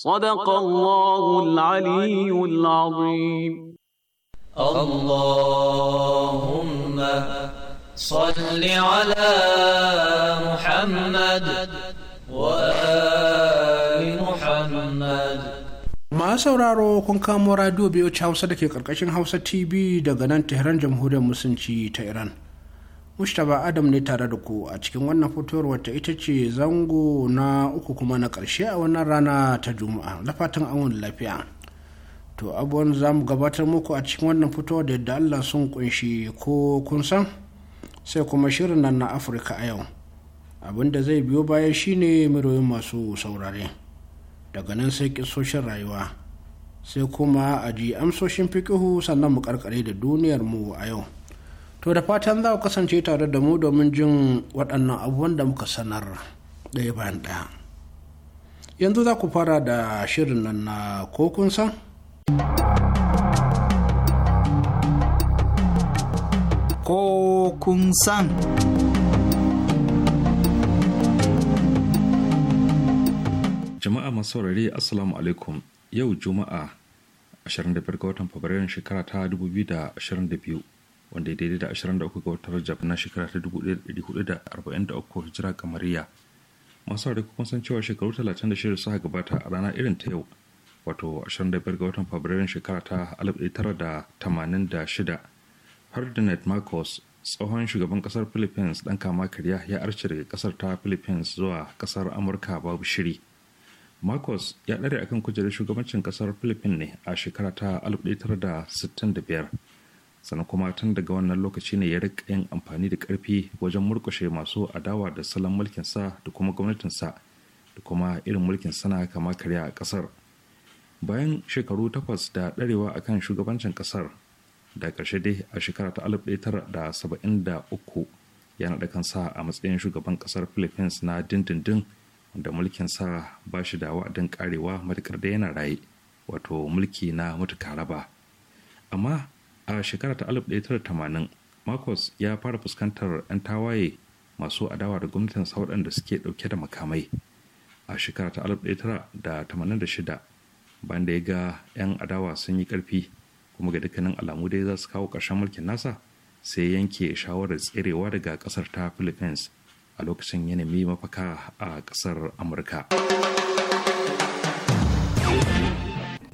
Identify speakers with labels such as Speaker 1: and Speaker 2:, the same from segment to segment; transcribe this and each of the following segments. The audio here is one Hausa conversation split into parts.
Speaker 1: صدق الله العلي العظيم اللهم صل على محمد
Speaker 2: وآل محمد
Speaker 3: masu sauraro kun kamo radio biyu hausa da ke karkashin hausa tv daga nan tehran jamhuriyar musulunci ta iran Mustapha Adam ne tare da ku a cikin wannan fitowar wata ita ce zango na uku kuma na ƙarshe a wannan rana ta Juma'a. Na fatan an lafiya. To abubuwan za mu gabatar muku a cikin wannan fitowar da yadda Allah sun kunshi ko kun san sai kuma shirin nan na Afirka a yau. Abin da zai biyo baya shine miroyin masu saurare. Daga nan sai ƙisoshin rayuwa. Sai kuma a ji amsoshin fikihu sannan mu karkare da duniyar mu a yau. to da fatan za ku kasance tare da mu domin jin waɗannan abubuwan da muka sanar ɗaya bayan ɗaya yanzu za ku fara da shirin nan na kokun san
Speaker 2: kokun san
Speaker 4: jama'a masu saurari assalamu alaikum yau juma'a 25 ga watan fabrairun shekara ta 2022 wanda ya daidai da 23 ga watan rajab na shekara ta 1443 hijira kamariya masu da kun san cewa shekaru 36 suka gabata a rana irin ta yau wato 25 ga watan fabrairun shekara ta 1986 ferdinand marcos tsohon shugaban kasar philippines dan kama karya ya arce daga kasar ta philippines zuwa kasar amurka babu shiri marcos ya ɗare akan kujerar shugabancin kasar philippines ne a shekara ta 1965 sannan kuma tun daga wannan lokaci ne ya rika yin amfani da karfi wajen murkushe masu adawa da salon mulkin sa da kuma gwamnatin sa da kuma irin mulkin sana kama karya a kasar bayan shekaru takwas da ɗarewa kan shugabancin kasar da ƙarshe dai a shekara ta alif da da saba'in uku ya naɗa kan sa a matsayin shugaban kasar philippines na dindindin wanda mulkin sa ba shi da wa'adin karewa matukar da yana raye wato mulki na mutuka raba amma a shekara ta 1980 marcos ya fara fuskantar 'yan tawaye masu adawa da gwamnatin sauɗan da suke ɗauke da makamai a shekara ta 1986 bayan da ya ga 'yan adawa sun yi ƙarfi kuma ga dukkanin alamu dai za su kawo ƙarshen mulkin nasa sai yanke shawarar tserewa daga ƙasar ta philippines a lokacin yanayi mafaka a ƙasar amurka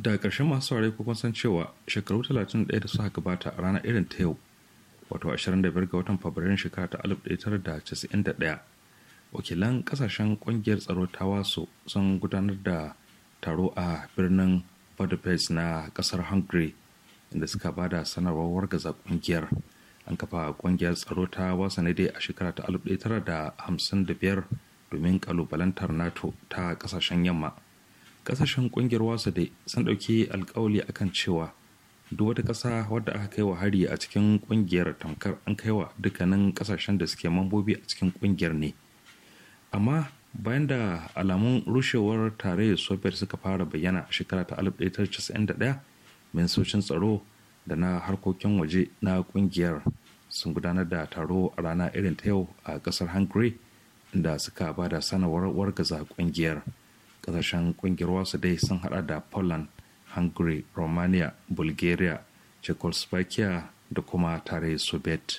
Speaker 4: da ƙarshen masu saurari ko kun san cewa shekaru 31 da suka gabata a ranar irin ta yau wato 25 ga watan fabrairun shekara ta 1991 wakilan kasashen ƙungiyar tsaro ta wasu sun gudanar da taro a birnin budapest na kasar hungary inda suka ba da sanarwar wargaza kungiyar an kafa ƙungiyar tsaro ta wasa ne dai a shekara ta 1955 domin kalubalantar nato ta kasashen yamma kasashen kungiyar wasa da sun dauki alkawali akan cewa duk wata kasa wadda aka kai wa hari a cikin kungiyar tamkar an kai wa dukkanin kasashen da suke mambobi a cikin kungiyar ne amma bayan da alamun rushewar tarayyar soviet suka fara bayyana a shekara ta 1991 ministocin tsaro da na harkokin waje na kungiyar sun gudanar da taro a rana irin ta yau a kasar hungary da suka ba da sanarwar wargaza kungiyar. kasashen kungiyar wasu dai sun hada da poland hungary romania bulgaria czechoslovakia da kuma tare soviet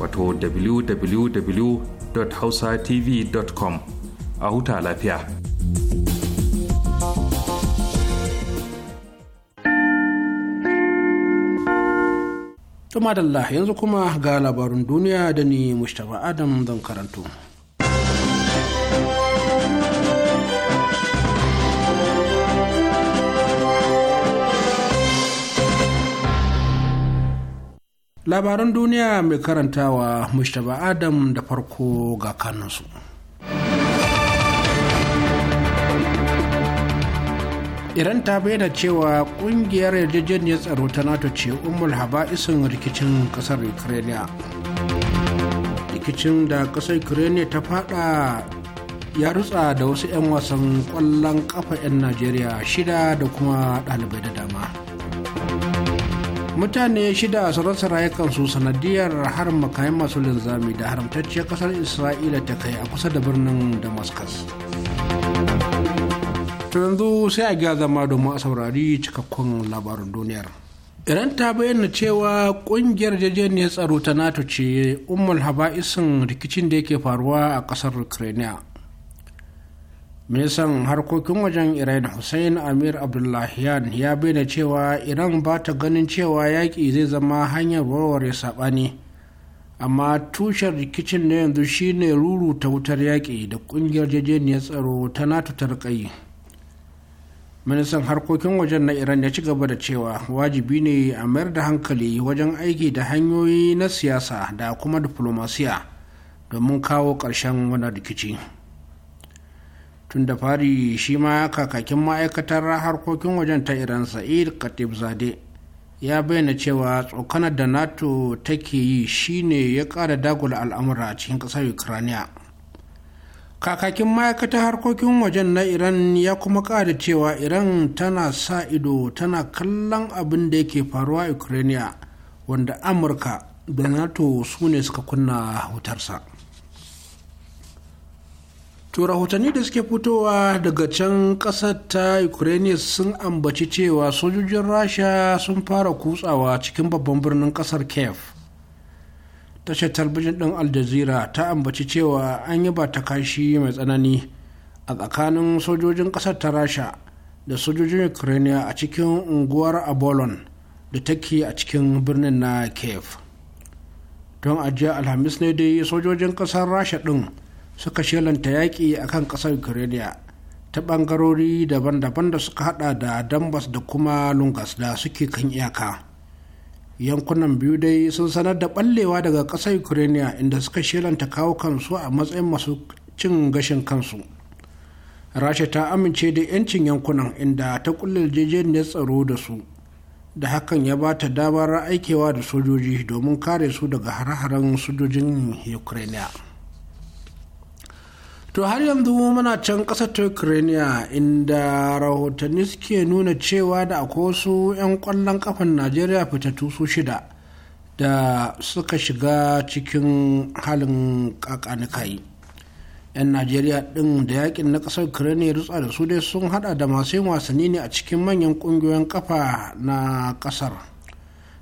Speaker 4: wato www.hausatv.com a huta lafiya.
Speaker 3: Tumadallah yanzu kuma ga labarin duniya da ni Mustapha Adam zan karanto. labaran duniya mai karantawa mustapha adam da farko ga kanunsu iran ta bayyana cewa kungiyar yarjejeniyar tsaro ta nato ce Haba haba'isin rikicin kasar ukraine rikicin da kasar ukraine ta fada ya rutsa da wasu 'yan wasan kwallon kafa 'yan najeriya shida da kuma ɗalibai da dama mutane shida su rayukan rayukansu sanadiyar harin makayan masu linzami da haramtacciyar kasar isra'ila ta kai a kusa da birnin damascus to yanzu sai a gya zama domin a saurari cikakkun labarin duniyar iran ta bayyana cewa kungiyar jajeniyar tsaro ta nato ce Haba haba'isin rikicin da yake faruwa a kasar ukraine ministan harkokin wajen iran hussein amir abdullahian ya bayyana cewa iran ba ta ganin cewa yaƙi zai zama hanyar warware saɓani amma tushen rikicin na yanzu shine ta wutar yaƙi da ƙungiyar jejeniyar tsaro ta nato ta riƙayi ministan harkokin wajen na iran ya ci gaba da cewa wajibi ne a mayar da hankali wajen aiki da hanyoyi na siyasa da kuma diflomasiya domin kawo ƙarshen wannan rikici. tun da fari shi ma kakakin ma'aikatar harkokin wajen ta iran sa'id katib zade ya bayyana cewa tsokanar da nato take yi shine ya ƙara dagula al'amura a cikin ƙasar ukraine kakakin ma'aikatar harkokin wajen na iran ya kuma ƙara cewa iran tana sa ido tana kallon abin da yake faruwa ukraniya wanda amurka da nato su ne suka kunna wutarsa To rahotanni da suke fitowa daga can ƙasar ta Ukraine sun ambaci cewa sojojin Rasha sun fara kutsawa cikin babban birnin ƙasar Kiev. Tashar talbijin ɗin Al Jazeera ta ambaci cewa an yi ba ta kashi mai tsanani a tsakanin sojojin ƙasar ta Rasha da sojojin Ukraine a cikin unguwar Abolon da take a cikin birnin na Kiev. Don ajiya Alhamis ne dai sojojin ƙasar Rasha ɗin. suka shelanta yaƙi a kan ƙasar ukraine ta ɓangarori daban-daban da suka hada da dambas da kuma lungas da suke kan iyaka yankunan biyu dai sun sanar da ɓallewa daga ƙasar ukraine inda suka shelanta kawo kansu a matsayin masu cin gashin kansu rasha ta amince da 'yancin yankunan inda ta kulle yarjejeniyar tsaro da su da hakan ya ba ta damar aikewa da sojoji domin kare su daga har-haren sojojin ukraine to har yanzu muna can ƙasar ta ukraine inda rahotanni suke nuna cewa da akwai wasu 'yan ƙwallon kafan najeriya fitattu su shida da suka shiga cikin halin kakanikai 'yan najeriya ɗin da yakin na ƙasar ukraine ya rutsa da su dai sun hada da masu yin wasanni ne a cikin manyan ƙungiyoyin kafa na ƙasar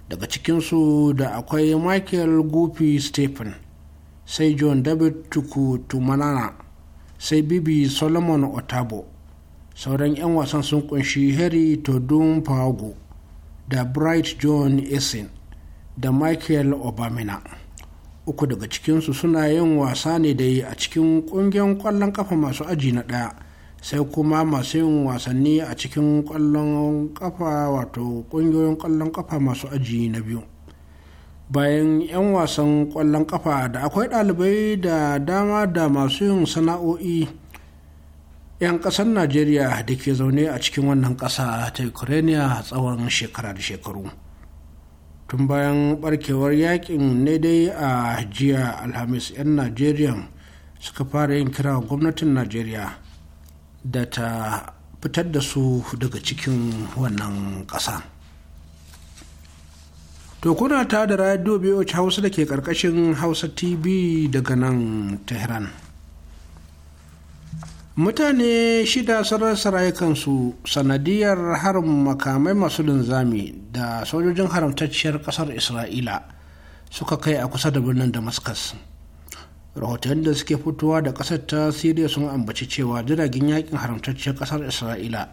Speaker 3: daga cikinsu da akwai michael guppy stephen sai john david tukutumanana sai bibi solomon otabo sauran 'yan wasan sun kunshi harry todun pago da bright john esin da michael obamina uku daga cikinsu suna yin wasa ne yi a cikin kungiyar kwallon kafa masu aji na daya sai kuma masu yin wasanni a cikin kwallon kafa wato kungiyoyin kwallon kafa masu aji na biyu bayan 'yan wasan kwallon kafa da akwai ɗalibai da dama da masu yin sana'o'i 'yan ƙasar najeriya da ke zaune a cikin wannan ƙasa ta ukraine tsawon shekara da shekaru tun bayan barkewar yakin ne dai a jiya alhamis 'yan najeriya suka fara yin kira gwamnatin najeriya da ta fitar da su daga cikin wannan ƙasa. To kuna ta da radio BOH Hausa da ke karkashin Hausa TV daga nan Tehran. Mutane shida sun rasa sanadiyar harin makamai masu linzami da sojojin haramtacciyar kasar Isra'ila suka kai a kusa da birnin Damascus. Rahoton da suke fitowa da kasar ta Siriya sun ambaci cewa jiragen yakin haramtacciyar kasar Isra'ila.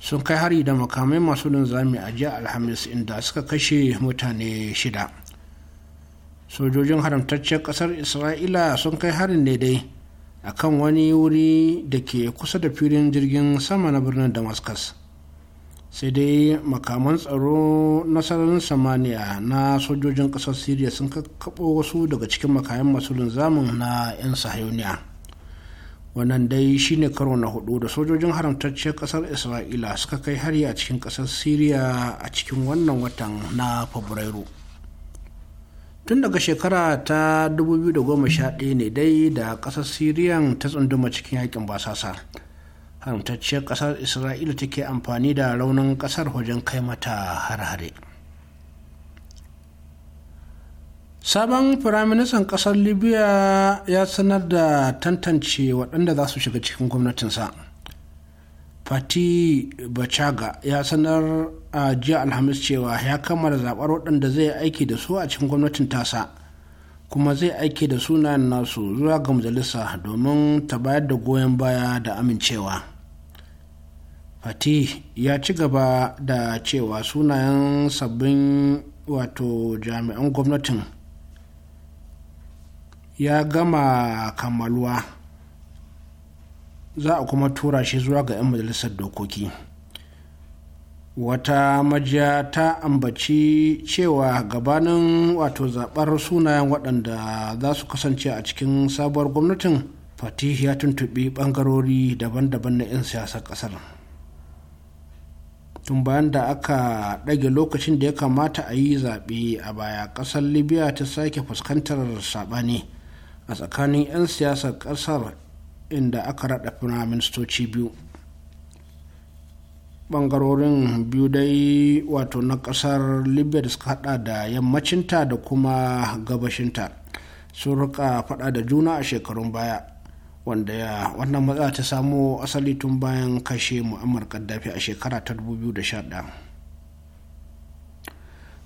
Speaker 3: sun kai hari da makamai masu linzami a jiya alhamis inda suka kashe mutane shida sojojin haramtaccen kasar isra'ila sun kai harin ne dai a kan wani wuri da ke kusa da filin jirgin sama na birnin damascus sai dai makaman tsaro na sararin samaniya na sojojin kasar syria sun kakkaɓo wasu daga cikin makayan masu linzamin na 'yan sahayoniya wannan dai shine karo na hudu da sojojin haramtacciyar kasar isra'ila suka kai hari a cikin kasar Siriya a cikin wannan watan na fabrairu tun daga shekara ta 2011 ne dai da kasar syria ta tsunduma cikin yakin basasa haramtacciyar kasar isra'ila take amfani da raunin kasar wajen kai mata har-hare sabon firaministan ƙasar libya ya sanar da tantance waɗanda za su shiga cikin gwamnatinsa fati bachaga ya sanar a jiya alhamis cewa ya kammala zaɓar waɗanda zai aiki da su a cikin gwamnatin tasa kuma zai aiki da sunayen nasu zuwa ga majalisa domin ta bayar da goyon baya da amincewa fati ya ci gaba da cewa sunayen sabbin wato jami'an gwamnatin ya gama kammaluwa za a kuma tura shi zuwa ga 'yan majalisar dokoki wata majiya ta ambaci cewa gabanin wato zaɓar sunayen waɗanda za su kasance a cikin sabuwar gwamnatin fatih ya tuntuɓi ɓangarori daban-daban na 'yan siyasar ƙasar tun bayan da aka ɗage lokacin da ya kamata a yi zaɓe a baya ƙasar libya ta sake fuskantar saɓani a tsakanin 'yan siyasar ƙasar inda aka raɗa ministoci biyu bangarorin biyu dai wato na ƙasar libya da suka hada da yammacinta da kuma gabashinta sun rika fada da juna a shekarun baya wanda ya wannan matsala ta samo asali tun bayan kashe mu'ammar gaddafi a shekara ta 2011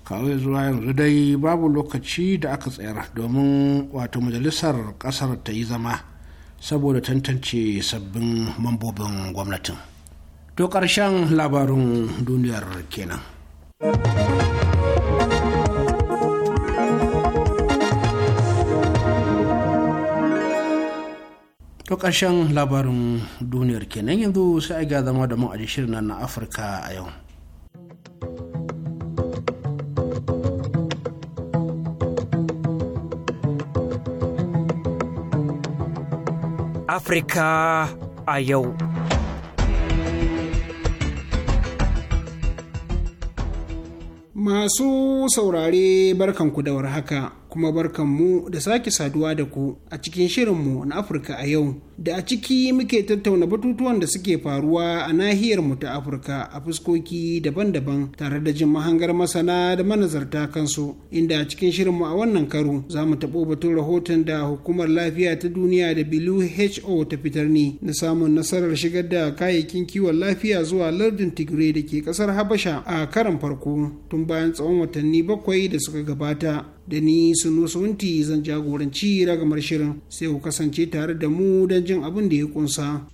Speaker 3: kawai zuwa yanzu dai babu lokaci da aka tsayar domin wato majalisar kasar ta yi zama saboda tantance sabbin mambobin gwamnatin to ƙarshen labarin duniyar kenan to ƙarshen labarin duniyar kenan yanzu sai a ga zama da mu a shirin na afirka a yau
Speaker 5: Afirka a yau.
Speaker 6: Masu saurare barkanku da warhaka. kuma barkan mu da sake saduwa da ku a cikin shirinmu na Afirka a yau. Da a ciki muke tattauna batutuwan da suke faruwa a nahiyar mu ta Afirka a fuskoki daban-daban tare da jin mahangar masana da manazarta kansu. Inda a cikin shirin mu a wannan karo za mu taɓo batun rahoton da hukumar lafiya ta duniya da WHO ta fitar ne na samun nasarar shigar da kayayyakin kiwon lafiya zuwa lardin Tigray da ke kasar Habasha a karan farko tun bayan tsawon watanni bakwai da suka gabata. da ni sunu sunti zan jagoranci ragamar shirin sai ku kasance tare da mu don jin abin da ya kunsa.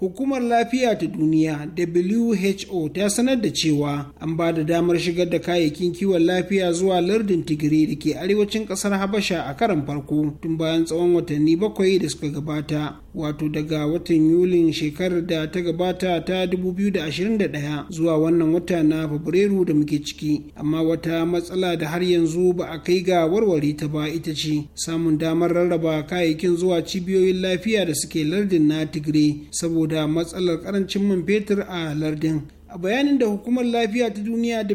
Speaker 6: Hukumar Lafiya ta Duniya WHO ta sanar da cewa an ba da damar shigar da kayayyakin kiwon lafiya zuwa lardin Tigiri da ke arewacin kasar Habasha a karan farko tun bayan tsawon watanni bakwai da suka gabata wato daga watan yulin shekarar da ta gabata ta 2021 zuwa wannan wata na fabrairu da muke ciki amma wata matsala da har yanzu ba a kai ga warware ta ba ita ce samun damar rarraba kayayyakin zuwa cibiyoyin lafiya da suke lardin na tigre saboda matsalar karancin man fetur a lardin a bayanin da hukumar lafiya ta duniya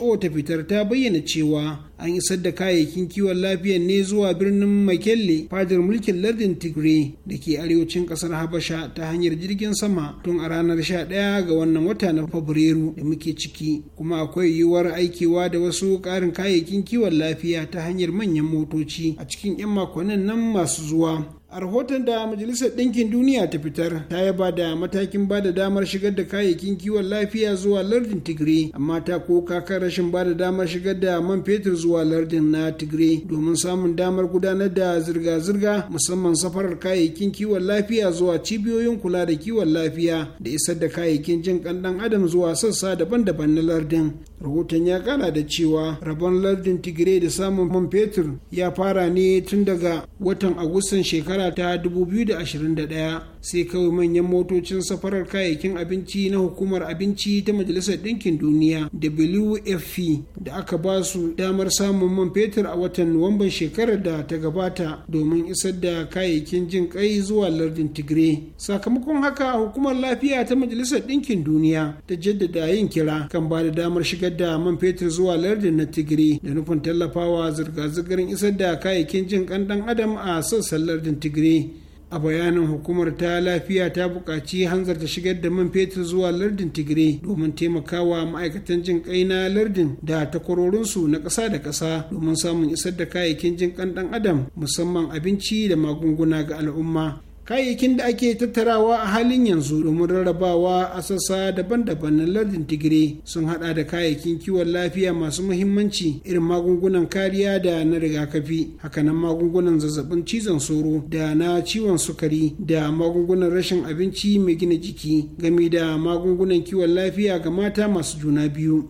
Speaker 6: who ta fitar ta bayyana cewa an isar da kayayyakin kiwon lafiya ne zuwa birnin makelle fadar mulkin lardin tigray da ke arewacin kasar habasha ta hanyar jirgin sama tun a ranar 11 ga wannan wata na fabrairu da muke ciki kuma akwai yiwuwar aikewa da wasu ƙarin kayayyakin kiwon lafiya ta hanyar manyan motoci a cikin 'yan makonnin nan masu zuwa a rahoton da majalisar ɗinkin duniya ta fitar ta yaba da matakin ba da damar shigar da kayayyakin kiwon lafiya zuwa lardin tigray amma ta koka kan rashin ba da damar shigar da man fetur zuwa lardin na tigray domin samun damar gudanar da zirga-zirga musamman safarar kayayyakin kiwon lafiya zuwa cibiyoyin kula da kiwon lafiya da isar da kayayyakin jin kan adam zuwa sassa daban-daban na lardin rahoton ya kara da cewa rabon lardin tigray da samun man fetur ya fara ne tun daga watan agustan shekara ta 2021 sai kawai manyan motocin safarar kayayyakin abinci na hukumar abinci ta majalisar ɗinkin duniya wfp da aka ba su damar samun man fetur a watan nuwamban shekarar da ta gabata domin isar da kayayyakin jin kai zuwa lardin tigre sakamakon haka hukumar lafiya ta majalisar ɗinkin duniya ta jaddada yin kira kan ba da damar shigar da man fetur zuwa lardin na tigre da nufin tallafawa zirga-zirgar isar da kayayyakin jin kan adam a sassan lardin tigre a bayanin hukumar ta lafiya ta buƙaci ta shigar da man fetur zuwa lardin tigray domin taimakawa ma'aikatan jin kai na lardin da takwarorinsu na ƙasa da ƙasa domin samun isar da kayayyakin jin kan ɗan adam musamman abinci da magunguna ga al'umma kayayyakin da ake tattarawa a halin yanzu domin rarrabawa a sassa daban-daban na lardin tigire sun hada da kayayyakin kiwon lafiya masu muhimmanci irin magungunan kariya da na rigakafi hakanan magungunan zazzabin cizon sauro da na ciwon sukari da magungunan rashin abinci mai gina jiki game da magungunan kiwon lafiya ga mata masu juna biyu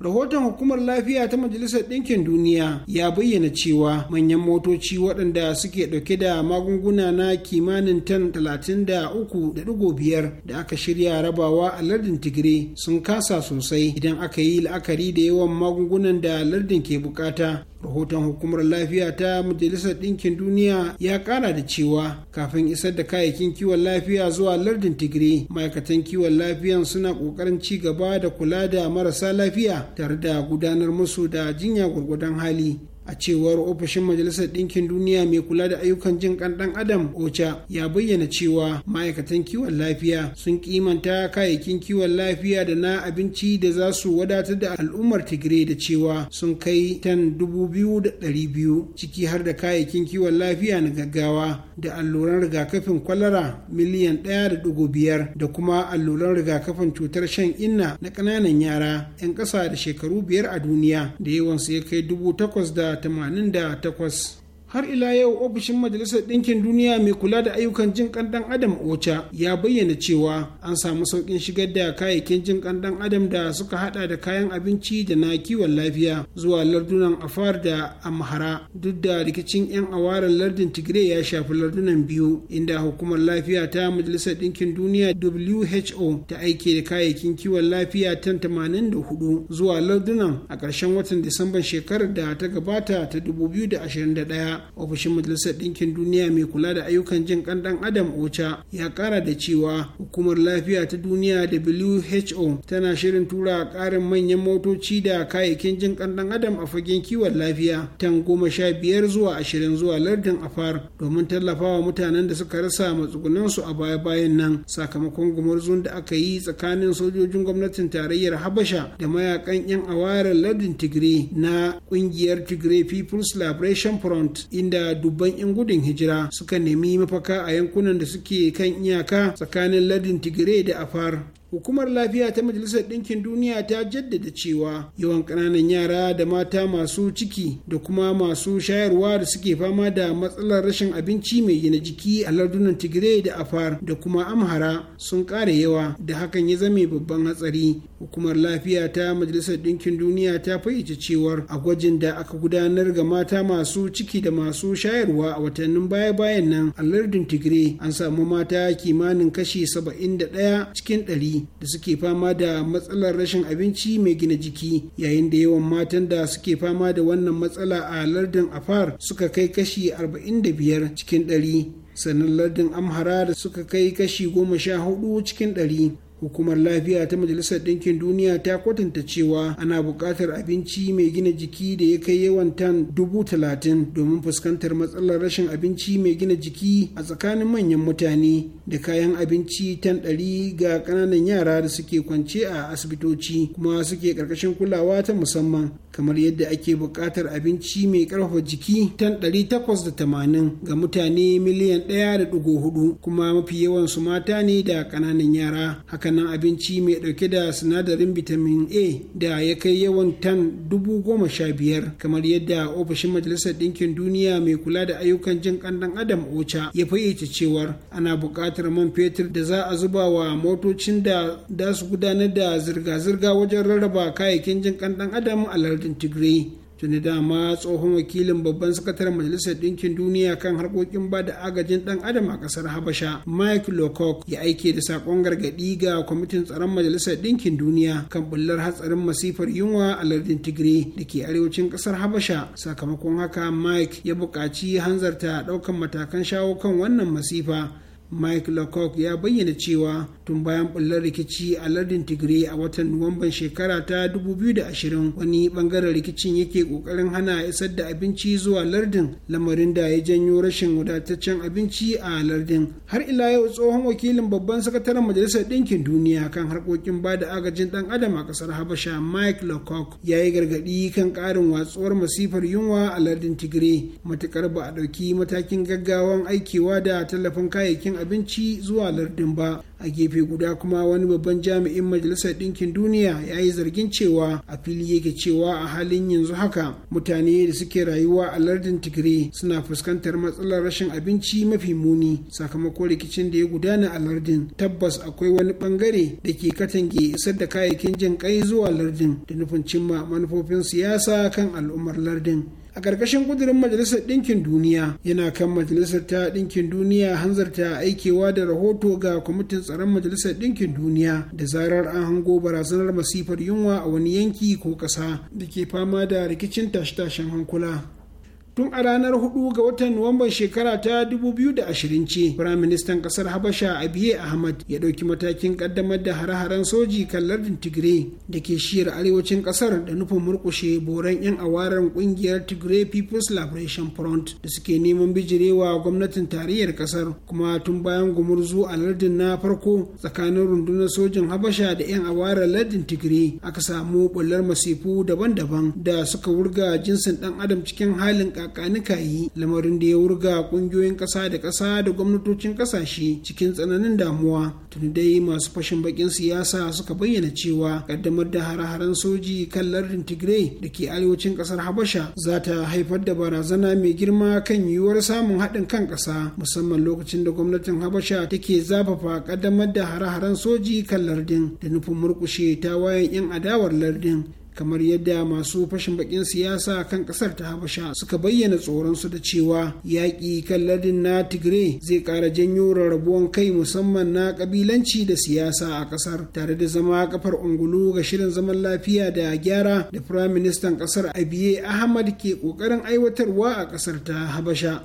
Speaker 6: rahoton hukumar lafiya ta majalisar ɗinkin duniya ya bayyana cewa manyan motoci waɗanda suke ɗauke da magunguna na kimanin tan 33.5 da aka shirya rabawa a lardin tigre sun kasa sosai idan aka yi la'akari da yawan magungunan da lardin ke bukata rahoton hukumar lafiya ta majalisar ɗinkin duniya ya ƙara da cewa kafin isar da kayayyakin kiwon lafiya zuwa lardin tigiri ma'aikatan kiwon lafiyan suna ƙoƙarin ci gaba da kula da marasa lafiya tare da gudanar musu da jinya gwargwadon hali a cewar ofishin majalisar ɗinkin duniya mai kula da ayyukan jin kan ɗan adam ocha ya bayyana cewa ma'aikatan kiwon lafiya sun kimanta kayayyakin kiwon lafiya da na abinci da za su wadatar da al'ummar tigray da cewa sun kai tan dubu biyu da ɗari biyu ciki har da kayayyakin kiwon lafiya na gaggawa da alluran rigakafin kwalara miliyan ɗaya da dubu biyar da kuma alluran rigakafin cutar shan inna na ƙananan yara 'yan ƙasa da shekaru biyar a duniya da yawansu ya kai dubu takwas da tamanin da takwas har ila yau ofishin majalisar ɗinkin duniya mai kula da ayyukan jin ƙan ɗan adam ocha ya bayyana cewa an samu sauƙin shigar da kayayyakin jin ƙan ɗan adam da suka haɗa da kayan abinci da na kiwon lafiya zuwa lardunan afar da amhara duk da rikicin 'yan awarar lardin tigray ya shafi lardunan biyu inda hukumar lafiya ta majalisar ɗinkin duniya who ta aike da kayayyakin kiwon lafiya tan 84 zuwa lardunan a ƙarshen watan disamban shekarar da ta gabata ta 2021 ofishin majalisar ɗinkin duniya mai kula da ayyukan jin kan ɗan adam ocha ya ƙara da cewa hukumar lafiya ta duniya who tana shirin tura ƙarin manyan motoci da kayayyakin jin kan ɗan adam a fagen kiwon lafiya tan goma sha biyar zuwa ashirin zuwa lardin afar domin tallafawa mutanen da suka rasa matsugunansu a baya-bayan nan sakamakon gumurzun da aka yi tsakanin sojojin gwamnatin tarayyar habasha da mayakan yan awarar lardin tigray na ƙungiyar tigray people's liberation front inda dubban 'yan gudun hijira suka nemi mafaka a yankunan da suke kan iyaka tsakanin lardin tigire da afar hukumar lafiya ta majalisar ɗinkin duniya ta jaddada cewa yawan ƙananan yara da mata masu ciki da kuma masu shayarwa da suke fama da matsalar rashin abinci mai gina jiki a lardunan tigray da afar da kuma amhara sun ƙara yawa da hakan ya zame babban hatsari hukumar lafiya ta majalisar ɗinkin duniya ta fayyace cewar a gwajin da aka gudanar ga mata masu ciki da masu shayarwa a watannin baya-bayan nan a lardin tigray an samu mata kimanin kashi saba'in da ɗaya cikin ɗari. da suke fama da matsalar rashin abinci mai gina jiki yayin da yawan matan da suke fama da wannan matsala a lardin afar suka kai kashi 45 cikin 100 sannan lardin amhara da suka kai kashi 14 cikin 100 hukumar lafiya ta majalisar ɗinkin duniya ta kwatanta cewa ana buƙatar abinci mai gina jiki da ya kai yawan tan dubu talatin domin fuskantar matsalar rashin abinci mai gina jiki a tsakanin manyan mutane da kayan abinci tan ɗari ga ƙananan yara da suke kwance a asibitoci kuma suke ƙarƙashin kulawa ta musamman kamar yadda ake buƙatar abinci mai ƙarfafa jiki tan ɗari takwas da tamanin ga mutane miliyan ɗaya da ɗigo hudu kuma mafi yawan su mata ne da ƙananan yara haka hakanan abinci mai dauke da sinadarin vitamin a da ya kai yawan tan dubu goma sha biyar kamar yadda ofishin majalisar ɗinkin duniya mai kula da ayyukan jin kan adam ocha ya fayyace cewar ana buƙatar man fetur da za a zuba wa motocin da za su gudanar da zirga-zirga wajen rarraba kayayyakin jin kan adam a lardin tigray tuni dama tsohon wakilin babban sakataren majalisar ɗinkin duniya kan harkokin ba da agajin ɗan adam a ƙasar habasha mike lowcock ya aike da saƙon gargaɗi ga kwamitin tsaron majalisar ɗinkin duniya kan bullar hatsarin masifar yunwa a lardin tigray da ke arewacin ƙasar habasha sakamakon haka mike ya buƙaci hanzarta ɗaukan matakan shawo kan wannan masifa mike lecoq ya bayyana cewa tun bayan bullar rikici a lardin tigray a watan nuwamban shekara ta 2020 wani bangaren rikicin yake kokarin hana isar da abinci zuwa lardin lamarin da ya janyo rashin wadataccen abinci a lardin har ila yau tsohon wakilin babban sakataren majalisar ɗinkin duniya kan harkokin ba da agajin ɗan adam a ƙasar habasha mike lecoq ya yi gargaɗi kan ƙarin watsuwar masifar yunwa a lardin tigray matukar ba a ɗauki matakin gaggawan aikewa da tallafin kayayyakin abinci zuwa lardin ba a gefe guda kuma wani babban jami'in majalisar ɗinkin duniya ya yi zargin cewa a fili yake cewa a halin yanzu haka mutane da suke rayuwa a lardin tigray suna fuskantar matsalar rashin abinci mafi muni sakamakon rikicin da ya gudana a lardin tabbas akwai wani bangare da ke katange isar da kayayyakin jin kai zuwa lardin da nufin cimma manufofin siyasa kan al'ummar lardin a ƙarƙashin ƙudurin majalisar ɗinkin duniya yana kan majalisar ta ɗinkin duniya hanzarta aikewa da rahoto ga kwamitin tsaron majalisar ɗinkin duniya da zarar an hango barazanar masifar yunwa a wani yanki ko ƙasa da ke fama da rikicin tashe-tashen hankula tun a ranar hudu ga watan Nuwamban shekara ta 2020 ce Firaministan ƙasar Habasha Abiye Ahmad ya ɗauki matakin ƙaddamar da hare-haren soji kan lardin Tigray da ke shiyar arewacin ƙasar da nufin murƙushe boran 'yan awarar ƙungiyar Tigray People's Liberation Front da suke neman bijirewa gwamnatin tarayyar ƙasar kuma tun bayan gumurzu a lardin na farko tsakanin rundunar sojin Habasha da 'yan awarar lardin Tigray aka samu bullar masifu daban-daban da suka wurga jinsin ɗan adam cikin halin kakanika yi lamarin da ya wurga kungiyoyin ƙasa da ƙasa da gwamnatocin ƙasashe cikin tsananin damuwa tuni dai masu fashin bakin siyasa suka bayyana cewa kaddamar da hare-haren soji kan lardin tigray da ke arewacin ƙasar habasha za ta haifar da barazana mai girma kan yiwuwar samun haɗin kan ƙasa musamman lokacin da gwamnatin habasha take zafafa kaddamar da hare-haren soji kan lardin da nufin murƙushe wayan 'yan adawar lardin kamar yadda masu fashin bakin siyasa kan kasar ta habasha suka bayyana tsoronsu da cewa yaƙi kan ladin na tigray zai ƙara janyo rarrabuwan kai musamman na ƙabilanci da siyasa a ƙasar tare da zama kafar ungulu ga shirin zaman lafiya da gyara da firaministan ƙasar abiye ahmad ke ƙoƙarin aiwatarwa a ƙasar ta habasha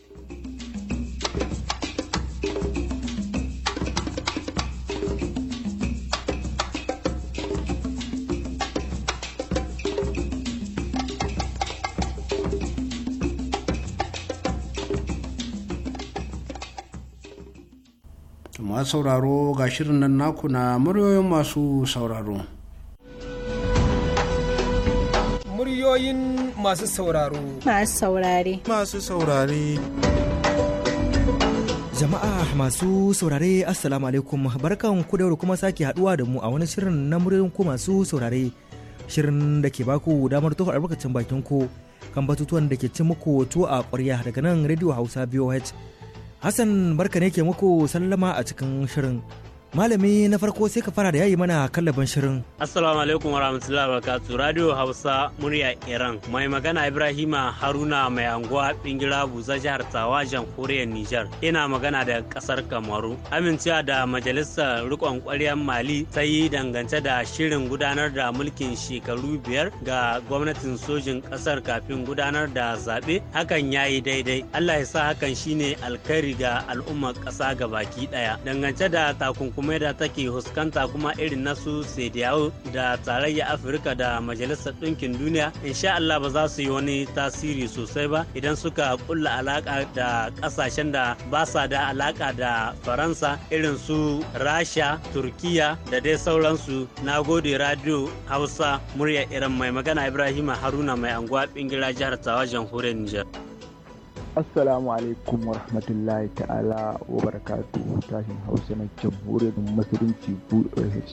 Speaker 3: masu sauraro ga shirin nan naku na muryoyin masu sauraro. Muryoyin masu sauraro.
Speaker 4: Masu saurare. Masu saurare.
Speaker 5: Jama'a masu saurare Assalamu alaikum barkan ku da kuma sake haduwa da mu a wani shirin na muryoyin ku masu saurare. Shirin da ke baku damar tofa albarkacin bakin ku kan batutuwan da ke ci muku tuwo a ƙwarya daga nan Radio Hausa BOH. Hassan barka ne ke muku sallama a cikin shirin malami na farko sai ka fara da yayi mana kallaban shirin
Speaker 7: assalamu alaikum warahmatullahi wabarakatuh radio hausa murya iran mai magana ibrahima haruna mai anguwa bingira buza jihar tawa jamhuriyar niger ina magana da kasar kamaru amincewa da majalisar rikon kwaryar mali ta yi dangance da shirin gudanar da mulkin shekaru biyar ga gwamnatin sojin kasar kafin gudanar da zaɓe hakan ya yi daidai allah ya sa hakan shine alkhairi ga al'ummar ƙasa baki ɗaya dangance da takunkumi takunkumai da take huskanta kuma irin nasu sediyawo da tarayya afirka da majalisar ɗinkin duniya insha allah ba za su yi wani tasiri sosai ba idan suka kulla alaka da ƙasashen da ba sa da alaka da faransa irin su rasha turkiya da dai sauransu na gode radio hausa murya irin mai magana ibrahim haruna mai anguwa bingila jihar tawa jamhuriyar nijar
Speaker 8: assalamu alaikum wa rahmatullahi ta'ala wa barakatu tashin hausa na jamhuriyar musulunci buɗe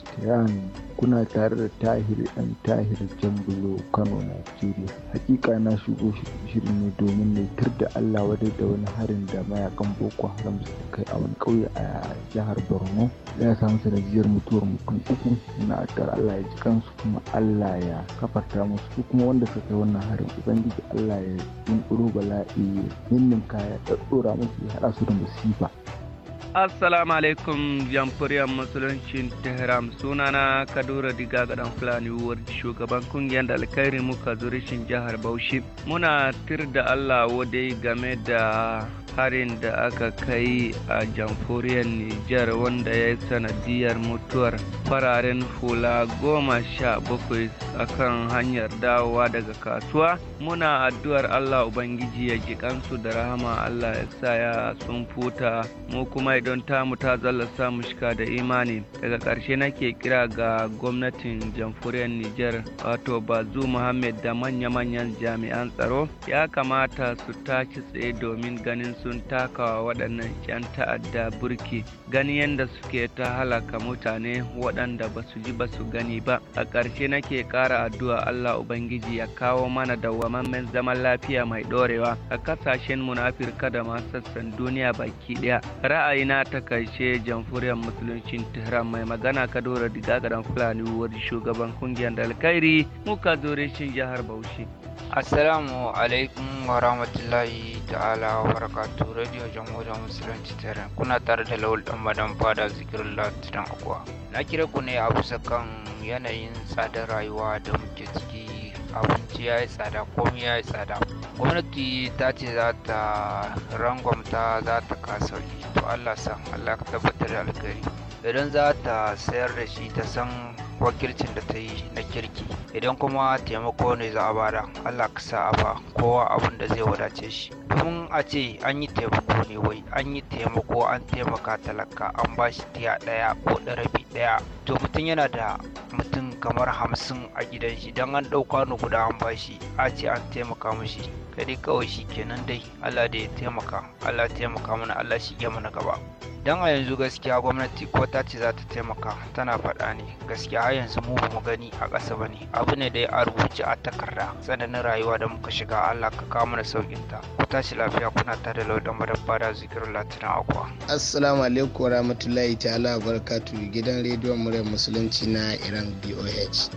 Speaker 8: kuna tare da tahir ɗan tahir jambulo kano nigeria hakika na shigo shirin ne domin ne tur da allah wadai da wani harin da mayakan boko haram su kai a wani ƙauye a jihar borno ya samu sanadiyar mutuwar mutum uku na addu'ar allah ya ji kansu kuma allah ya kafarta musu kuma wanda suka kai wannan harin ubangiji allah ya yi bala'i ninninka ya ɗaɗɗora musu haɗa su da musifa assalamu alaikum jamhuriyar musuluncin tehran sunana kadura diga gadan fulani uwar shugaban kungiyar da alkhairi muka zurishin jihar bauchi muna tir da allah wadai game da harin da aka kai a jamhuriyar Nijar wanda ya yi sanadiyar mutuwar fararen hula goma sha bakwai a kan hanyar dawowa daga kasuwa. Muna addu'ar Allah Ubangiji ya ji kansu da rahama Allah ya sa ya sun futa mu kuma idan tamu ta zallasa mu shika da imani. Daga ƙarshe nake kira ga gwamnatin jamhuriyar Nijar wato Bazu Muhammad da manya-manyan jami'an tsaro ya kamata su tashi tsaye domin ganin sun taka waɗannan 'yan ta'adda burki gani yadda suke ta halaka mutane waɗanda ba su ji ba su gani ba a ƙarshe nake ƙara addu'a allah ubangiji ya kawo mana dawwamammen zaman lafiya mai ɗorewa a ƙasashen mu na afirka da ma sassan duniya baki ɗaya ra'ayina ta karshe jamhuriyar musuluncin tehran mai magana kadoro diga garan fulani wani shugaban kungiyar da alkhairi muka zore shin jihar bauchi Assalamu
Speaker 2: alaikum wa rahmatullahi ta'ala wa barakatu Radio Jamhuriyar Musulunci Tare kuna tare da Lawal dan Madan Fada Zikirullah Tudan Akwa. Na kira ku ne a bisa kan yanayin tsadar rayuwa da muke ciki abinci ya yi tsada komai ya yi tsada. Gwamnati ta ce za ta rangwamta za ta kasauki to Allah san Allah ka tabbatar da alkari Idan za ta sayar da shi ta san wakilcin da ta yi na kirki idan kuma taimako ne za a bada allah ka sa a fa kowa abin da zai wadace shi domin a ce an yi taimako ne wai an yi taimako an taimaka talaka an ba shi tiya ɗaya ko ɗarabi ɗaya to mutum yana da mutum kamar hamsin a gidan shi don an ɗauka kwano guda an ba shi a ce an taimaka mishi kai kawai shi kenan dai allah da ya taimaka allah taimaka mana allah shi mana gaba don a yanzu gaskiya gwamnati ko ta ce za ta taimaka tana faɗa ne gaskiya har yanzu mu mu gani a ƙasa ba ne abu ne da ya a rubuce a takarda tsananin rayuwa da muka shiga allah ka kawo mana saukin ta ku tashi lafiya kuna ta da lauɗan madabba da zikirin latin akwa.
Speaker 9: assalamu alaikum warahmatullahi ta'ala barakatu gidan rediyon muryar musulunci na iran boh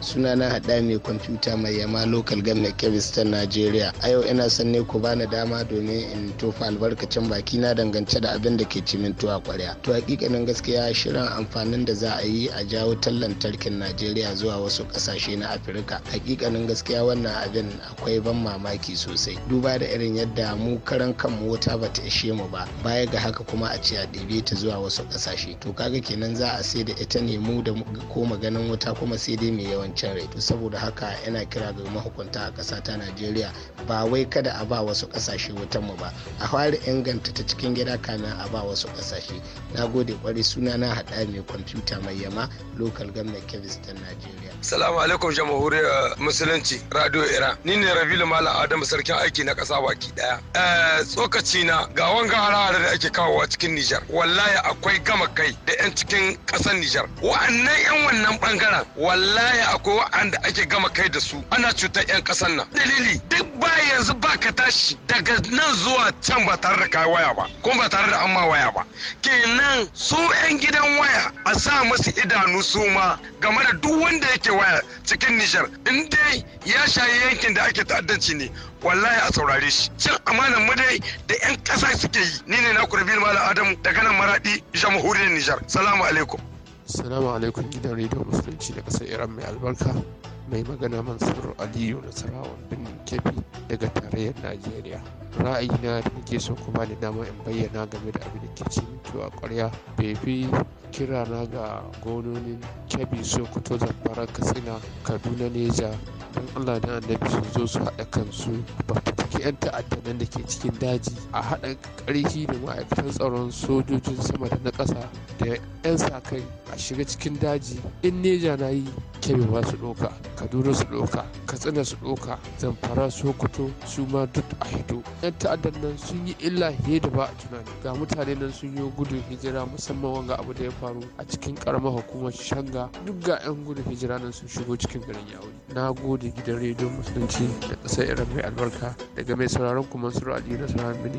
Speaker 9: suna na haɗa mai kwamfuta mai yama lokal government kebis ta najeriya a yau ina son ne ku bani dama domin in tofa albarkacin baki na dangance da abin da ke cimin tuwa kwarya to hakikanin gaskiya shirin amfanin da za a yi a jawo lantarkin najeriya zuwa wasu kasashe na afirka hakikanin gaskiya wannan abin akwai ban mamaki sosai duba da irin yadda mu karan kanmu wuta ba ta ishe mu ba baya ga haka kuma a ce a ɗebe ta zuwa wasu kasashe to kaga kenan za a sai da ita ne mu da ko maganin wuta kuma sai dai mai yawancin rai to saboda haka yana kira ga mahukunta a ƙasa ta najeriya ba wai kada a ba wasu kasashe wutan mu ba a fara inganta ta cikin gida kamin a ba wasu kasashe na gode kwarai suna na haɗa mai kwamfuta mai yama Lokal government kebis ta najeriya
Speaker 8: salamu alaikum jamhuriyar eh, musulunci radio iran ni ne rabilu malam adamu sarkin aiki
Speaker 9: na kasa baki daya eh, tsokaci na ga wanga harare da ake kawowa cikin nijar wallahi akwai gama kai da 'yan cikin kasar nijar wa'annan 'yan wannan bangaren wallahi akwai wa'anda ake gama kai da su ana cutar 'yan kasar nan dalili duk ba yanzu ba
Speaker 10: ka tashi daga nan zuwa can ba tare da kai waya ba kuma ba tare da an ma waya ba ke nan su 'yan gidan waya a sa masu idanu su ma game da duk wanda yake waya cikin Nijar in dai ya shayi yankin da ake ta'addanci ne wallahi a saurare shi cin amanar mu dai da 'yan ƙasa suke yi ni ne na kurbil malam adamu daga nan maraɗi jamhuriyar Nijar salamu alaikum
Speaker 1: Salamu alaikum gidan rediyo musulunci da ƙasar Iran mai albarka. mai magana mansur aliyu nasarawan birnin kebbi daga tarayyar najeriya ra'ayina da nake so ku bani dama in bayyana game da abin da ke cikin kwarya bai fi kirana ga gononin kebbi sokoto zamfara katsina kaduna neja don allah da annabi su zo su haɗa kansu ba fitaki 'yan ta'adda nan da ke cikin daji a haɗa ƙarfi da ma'aikatan tsaron sojojin sama da na ƙasa da 'yan sa kai a shiga cikin daji in neja na yi kebe ba su ɗoka kaduna su ɗoka katsina su ɗoka zamfara kuto su ma duk a hito 'yan ta'addan nan sun yi illa fiye da ba a tunani ga mutane nan sun yi gudun hijira musamman wanga abu da ya faru a cikin karamar hukumar shanga duk ga 'yan gudun hijira nan sun shigo cikin garin yawon na gode gidan rediyon musulunci da ƙasar iran mai albarka daga mai sauraron kuma suru aliyu na sauraron mini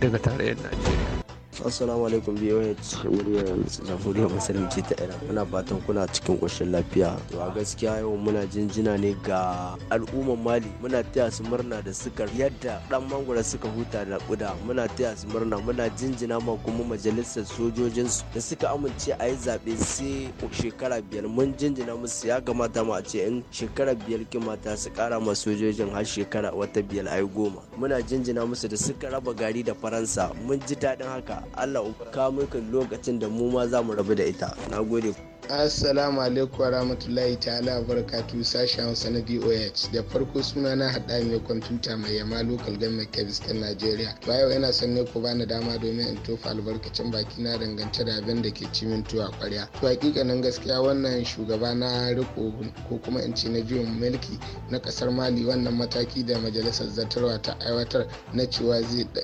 Speaker 1: daga tarayyar najeriya
Speaker 7: Assalamu alaikum BOH muryar jamhuriyar musulunci ta Iran. Muna fatan kuna cikin ƙoshin lafiya. To a gaskiya yau muna jinjina ne ga al'umman Mali. Muna taya su murna da suka yadda dan mangwara suka huta da kuda. Muna taya su murna muna jinjina ma kuma majalisar sojojin su da suka amince a yi zaɓe sai shekara biyar mun jinjina musu ya kamata mu a ce in shekara biyar kimata su ƙara ma sojojin har shekara wata biyar yi goma. Muna jinjina musu da suka raba gari da Faransa. Mun ji daɗin haka Allah mulkin lokacin da mu ma za mu rabu da ita na gode
Speaker 9: Assalamu alaikum warahmatullahi ta'ala barakatu sashen Hausa na BOH. Da farko suna na hada mai kwamfuta mai yama local government kebis nigeria Najeriya. Bayo yana son ne ku bani dama domin in tofa albarkacin baki na dangance da abin da ke cimin tuwa kwarya. To hakikanin gaskiya wannan shugaba na riko ko kuma in ce na juyin mulki na kasar Mali wannan mataki da majalisar zartarwa ta aiwatar na cewa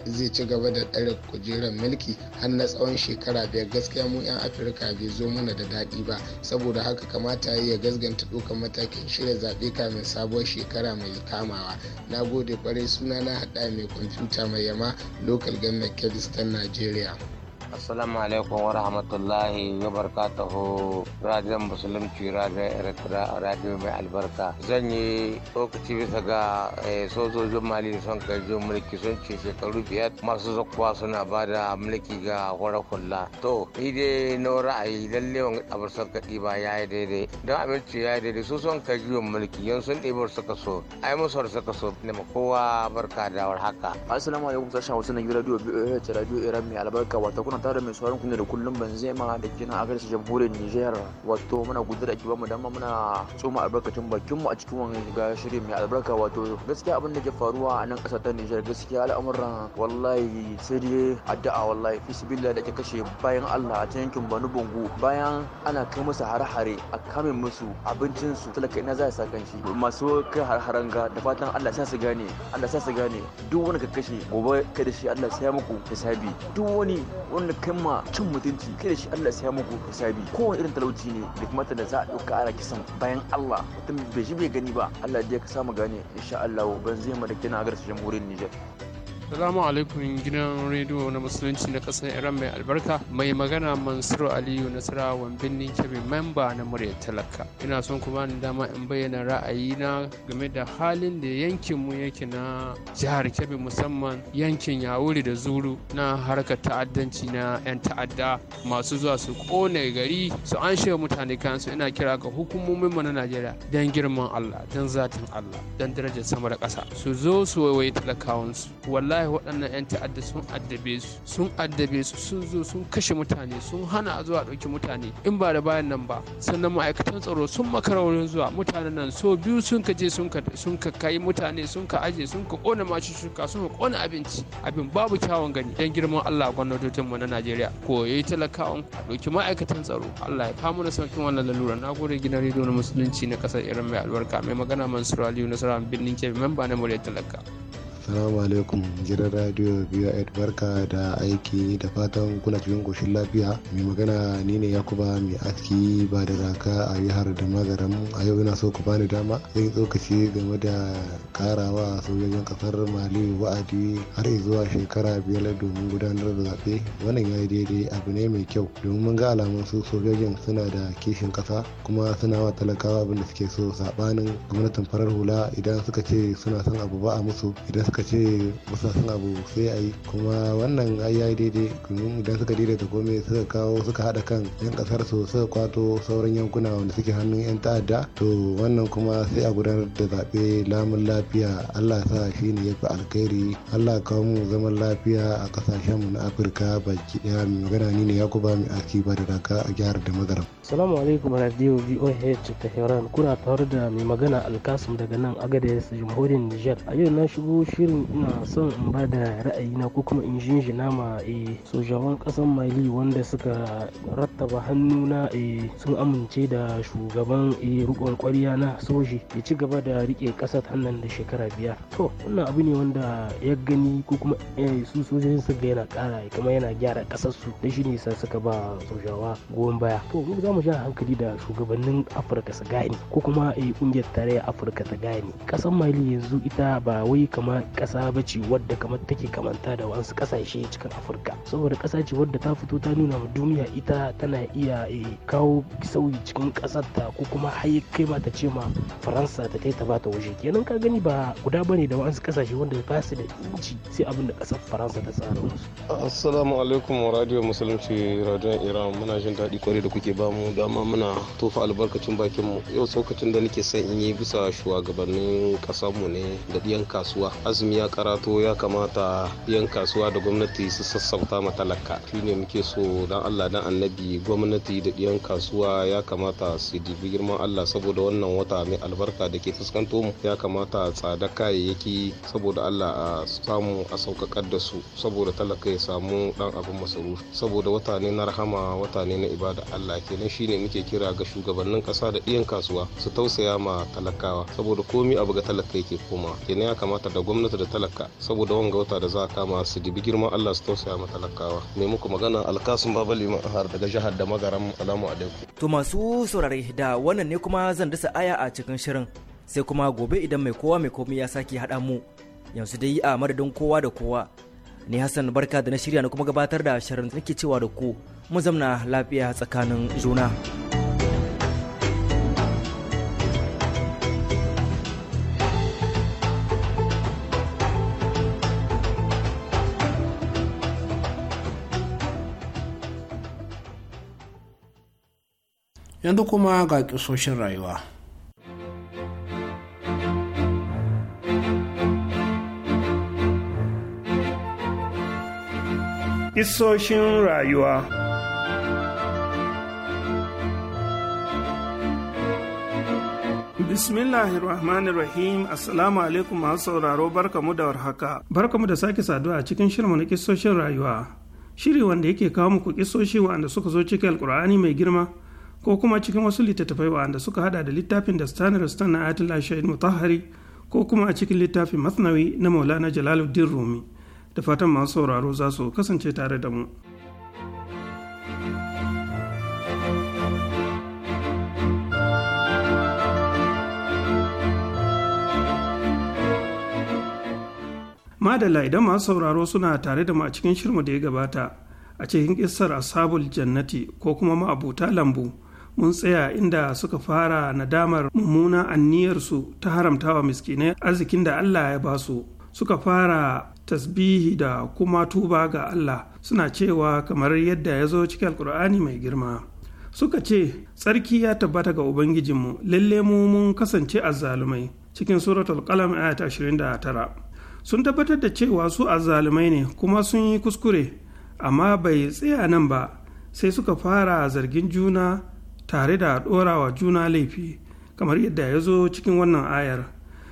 Speaker 9: zai ci gaba da ɗare kujerar mulki har na tsawon shekara biyar gaskiya mu 'yan Afirka bai zo mana da daɗi ba saboda haka kamata ya gasganta ɗaukar matakin shirya zaɓe kamin sabuwar shekara mai kamawa na gode kwarai suna na haɗa mai kwamfuta mai yama local government kebistan nigeria Assalamu alaikum wa rahmatullahi wa barakatuhu radiyon musulunci radiyon eritrea radio mai albarka zan yi lokaci bisa ga eh, sojojin mali da son kai karjin mulki sun ce shekaru biyar masu zakuwa suna ba da mulki ga kwarar kulla to ni dai na ra'ayi lalle wani abu son kaɗi ba ya yi daidai don abinci ya yi daidai su son karjin mulki yan sun wasu suka so ai musu suka so ne ma kowa barka da
Speaker 5: haka. assalamu alaikum sashen hausa na yi radio biyu radio iran mai albarka wata kuna kuna tare mai sauran kuna da kullum Benzema da kina a garsa jamhuriyar Nijar wato muna gudu da kibar mu dama muna tsoma albarkacin bakin mu a cikin wannan ga shirin mai albarka wato gaskiya abin da ke faruwa a nan kasar ta Nijar gaskiya al'amuran wallahi sai dai addu'a wallahi fisbillah da ke kashe bayan Allah a cikin yankin Banu Bungu bayan ana kai musu hare-hare a kame musu abincin su
Speaker 8: talaka ina za a sakan shi
Speaker 5: masu kai har-haren ga da fatan Allah sa su gane Allah sa su gane duk wani ka kashe gobe ka da shi Allah sai muku hisabi duk wani wani wanda kai ma cin mutunci kai da shi Allah sai ya muku hisabi kowane irin talauci ne da kamata da za a ɗauka ana kisan bayan Allah mutum bai shi bai gani ba Allah ya ka samu gane insha Allah ban zai da kina agar su jamhuriyar Nijar.
Speaker 1: Salamu alaikum gidan rediyo na musulunci na ƙasar Iran mai albarka mai magana Mansur Aliyu Nasara birnin Kebe memba na murya talaka. Ina son kuma ni dama in bayyana ra'ayina game da halin da yankin mu yake na jihar Kebbi musamman yankin Yawuri da Zuru na harkar ta'addanci na 'yan ta'adda masu zuwa su kone gari su an shiga mutane kansu ina kira ga hukumomin mu na Najeriya don girman Allah don zatin Allah don darajar sama da ƙasa su zo su waye talakawansu wallahi wallahi waɗannan 'yan ta'adda sun addabe su sun addabe su sun zo sun kashe mutane sun hana zuwa ɗauki mutane in ba da bayan nan ba sannan ma'aikatan tsaro sun makara wurin zuwa mutanen nan so biyu sun ka je sun ka kai mutane sun ka aje sun ka ƙona shuka sun ka ƙona abinci abin babu kyawun gani dan girman Allah gwamnatocin mu na Najeriya koyi talakawan a ɗauki ma'aikatan tsaro Allah ya famu da sauƙin wannan lalura na gode gina rediyo na musulunci na ƙasar irin mai albarka mai magana Mansur Aliyu Nasara birnin Kebbi memba na Murya Talaka.
Speaker 11: Assalamu alaikum gidan radio biyu ed barka da aiki da fatan kuna cikin koshin lafiya.
Speaker 9: Mai magana ni ne Yakuba mai aski ba da raka a jihar da magaram a yau ina so ku bani dama zan tsokaci game da karawa sojojin kasar Mali wa'adi har zuwa shekara biyar domin gudanar da zaɓe. Wannan ya yi daidai abu ne mai
Speaker 11: kyau domin mun ga alamun su sojojin suna da kishin ƙasa kuma suna wa talakawa abin da suke so saɓanin gwamnatin farar hula idan suka ce suna son abu ba a musu idan suka suka ce musa sun abu sai a yi kuma wannan ai ya yi daidai domin idan suka daidaita komai suka kawo suka haɗa kan yan ƙasar su suka kwato sauran yankuna wanda suke hannun yan ta'adda to wannan kuma sai a gudanar da zaɓe lamun lafiya allah sa shi ne ya fi alkhairi allah kawo mu zaman lafiya a ƙasashenmu na afirka baki ɗaya mai magana ni ne yakuba mai aki ba da daka a jihar Damagaram.
Speaker 7: Salamu alaikum radio VOH Tehran kuna tare da mai magana Alkasum daga nan Agadez Jamhuriyar Nijar. A yau na shigo shirin ina son in ba da ra'ayina ko kuma in jinjina ma a eh, sojawan kasan Mali wanda suka rattaba hannu na a eh, sun amince da shugaban e, eh, rikon na soji ya ci gaba da rike ƙasar hannun da shekara biyar. To wannan abu ne wanda ya gani ko kuma su sojojin ga yana kara kuma yana gyara ƙasarsu da shi ne suka ba sojawa goyon baya. mu jan hankali da shugabannin afirka su gane ko kuma a eh, kungiyar tarayyar afirka ta gane kasan mali yanzu ita ba wai kama kasa ba ce wadda kamar take kamanta da wasu kasashe cikin afirka saboda kasa ce wadda ta fito ta nuna ma duniya ita tana iya eh, kawo sauyi cikin kasar ta ko kuma har kai ta ce ma faransa ta kai ta bata waje kenan ka gani ba guda bane da wasu kasashe wanda ba su da inci sai abin da kasar faransa ta tsara musu
Speaker 10: assalamu alaikum radio musulunci radio
Speaker 9: iran muna jin daɗi kwarai da kuke bamu dama muna tofa albarkacin bakin mu yau saukacin da
Speaker 6: nake son in yi bisa shugabannin kasanmu ne da ɗiyan kasuwa azumi ya karato ya kamata ɗiyan kasuwa da gwamnati su sassauta ma talaka ne muke so dan Allah dan annabi gwamnati da ɗiyan kasuwa ya kamata su dibi girman Allah saboda wannan wata mai albarka da ke fuskanto mu ya kamata tsada kayayyaki saboda Allah a samu a saukakar da su saboda talaka ya samu dan abin masarufi saboda wata ne na rahama wata ne na ibada Allah kenan shine muke kira ga shugabannin kasa da iyan kasuwa su tausaya ma talakawa saboda komi abu ga talaka yake koma kenan ya kamata da gwamnati da talaka saboda wanga wata da za a kama su dibi girman Allah su tausaya ma talakawa me muku magana alkasun babali har daga jihar da magaram salamu alaikum
Speaker 5: to masu saurare da wannan ne kuma zan dasa aya a cikin shirin sai kuma gobe idan mai kowa mai komi ya sake haɗa mu yanzu dai a madadin kowa da kowa ni hassan barka da na shirya na kuma gabatar da shirin nake cewa da ku mu zamna lafiya tsakanin juna.
Speaker 3: yanzu kuma ga kisoshin rayuwa.
Speaker 10: Kisoshin rayuwa Bismillahirrahmanirrahim Assalamu alaikum masu sauraro barkamu da warhaka. Barkamu da sake saduwa a cikin shirmu na kisoshin rayuwa. Shiri wanda yake kawo muku kisoshi wa'anda suka zo cikin alkur'ani mai girma ko kuma cikin wasu littattafai wa'anda suka hada da littafin da Stanley Stan na Atila Ashayin Mutahari ko kuma a cikin littafin Masnawi na Maulana Jalaluddin Rumi. Da fatan masu sauraro za su kasance tare da mu. madalla idan masu sauraro suna tare da mu a cikin shirmu da ya gabata a cikin kissar asabul jannati ko kuma ma'abuta lambu mun tsaya inda suka fara nadamar mummuna anniyarsu ta haramtawa miskinai arzikin da Allah ya basu suka fara tasbihi da kuma tuba ga Allah suna cewa kamar yadda ya zo cikin alkur'ani mai girma suka ce tsarki ya tabbata ga ubangijinmu lalle mu mun kasance azzalumai cikin suratul qalam ayat 29 sun tabbatar da cewa su azzalumai ne kuma sun yi kuskure amma bai tsaya nan ba sai suka fara zargin juna tare da ɗorawa juna laifi kamar yadda ya zo cikin wannan ayar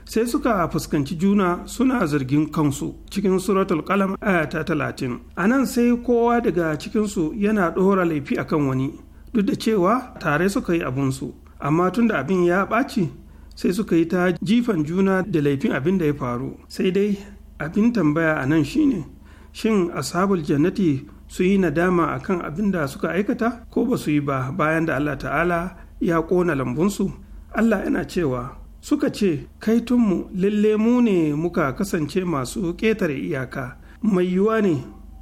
Speaker 10: sai suka fuskanci juna suna zargin kansu cikin suratul kalam ayata talatin a nan sai kowa daga cikinsu yana ɗora laifi akan wani duk da cewa tare suka yi abunsu amma tunda abin ya ɓaci sai suka yi ta jifan juna da laifin abin da ya faru sai dai abin tambaya a nan shine shin ashabul jannati su yi nadama a kan abin da suka aikata ko ba su yi ba bayan da allah ta'ala ya kona lambunsu allah yana cewa suka ce kaitunmu lalle mu ne muka kasance masu ƙetare iyaka mai yiwuwa ne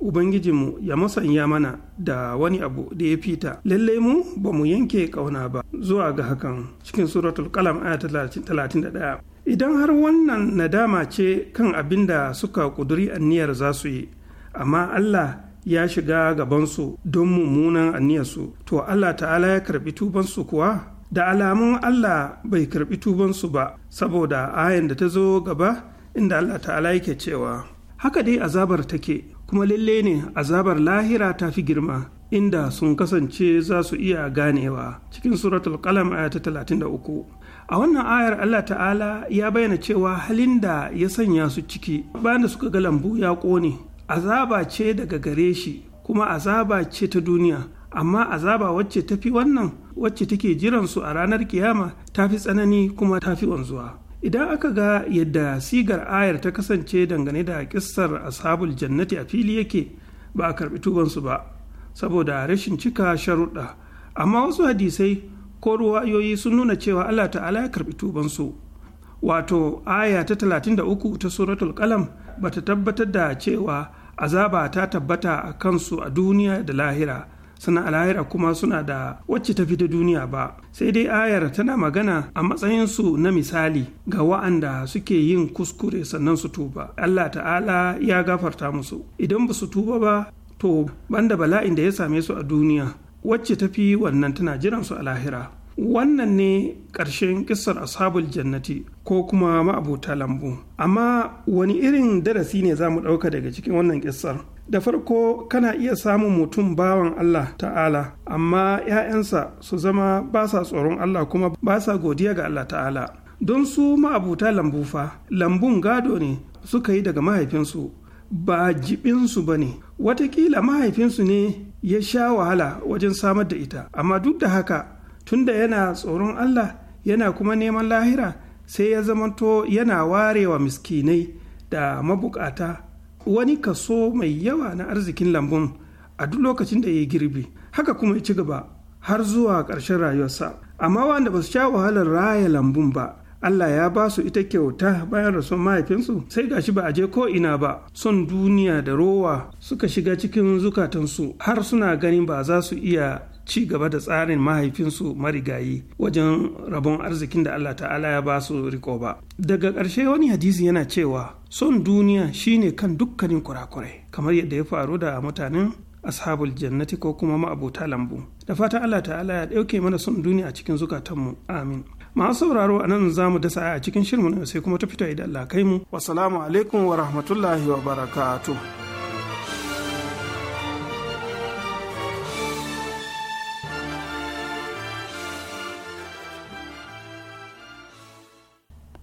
Speaker 10: ubangijinmu ya masanya mana da wani abu da ya fita lallai mu ba mu yanke ƙauna ba zuwa ga hakan cikin suratul kalam aya 31 idan har wannan nadama ce kan abin da suka kuduri anniyar za su yi amma allah ya shiga gabansu don mummunan anniyarsu to allah ta'ala ya karbi tubansu kuwa da alamun allah bai karbi tubansu ba saboda ayan da ta zo gaba inda allah ta'ala yake cewa haka dai azabar take kuma lalle ne azabar lahira ta fi girma inda sun kasance za su iya ganewa cikin suratul kalam aya ta 33 a wannan ayar Allah ta'ala ya bayyana cewa halin da ya sanya su ciki bayan da suka ga lambu ya ƙone azaba ce daga gare shi kuma azaba ce ta duniya amma azaba wacce ta fi wannan wacce take jiran su a ranar kiyama ta fi tsanani kuma ta fi wanzuwa idan aka ga yadda sigar ayar ta kasance dangane da kissar ashabul jannati a fili yake ba a karbi tubansu ba saboda rashin cika sharuɗa amma wasu hadisai ko ruwayoyi sun nuna cewa allah ta'ala ya karbi tubansu wato aya ta 33 ta suratul kalam ba ta tabbatar da cewa azaba ta tabbata a kansu a duniya da lahira Sana alahira kuma suna da wacce tafi ta duniya ba sai dai ayar tana magana a matsayinsu na misali ga wa'anda suke yin kuskure sannan su tuba allah ta'ala ya gafarta musu idan ba su tuba ba to banda bala'in da ya same su a duniya wacce ta fi wannan tana jiran su a lahira wannan ne ƙarshen kisar ashabul jannati ko kuma ma'abota lambu amma wani irin darasi ne za mu ɗauka daga cikin wannan kisar da farko kana iya samun mutum bawan Allah ta'ala amma 'ya'yansa su zama ba sa tsoron Allah kuma ba sa godiya ga Allah ta'ala don su ma'abuta lambu fa lambun gado ne suka yi daga mahaifinsu ba jibinsu ba ne watakila mahaifinsu ne ya sha wahala wajen samar da ita amma duk da haka tunda yana tsoron Allah yana kuma neman lahira sai ya zamanto yana warewa miskinai da mabukata wani kaso mai yawa na arzikin lambun a duk lokacin da ya girbi haka kuma ya ci gaba har zuwa ƙarshen rayuwarsa amma wanda ba su sha wahalar raya lambun ba Allah ya ba su ita kyauta bayan rasuwar mahaifinsu sai gashi ba a je ko ina ba son duniya da rowa suka shiga cikin zukatansu har suna ganin ba za su iya ci gaba da tsarin mahaifinsu marigayi wajen rabon arzikin da Allah ta'ala ya ba su riko ba daga ƙarshe wani hadisi yana cewa son duniya shine kan dukkanin kurakurai kamar yadda ya faru da mutanen ashabul jannati ko kuma ma'abuta lambu da fatan Allah ta'ala ya ɗauke mana son duniya a cikin zukatanmu amin masu sauraro a nan za mu dasa a cikin shirin sai kuma ta fito idan Allah kai mu wasalamu alaikum wa rahmatullahi wa barakatuh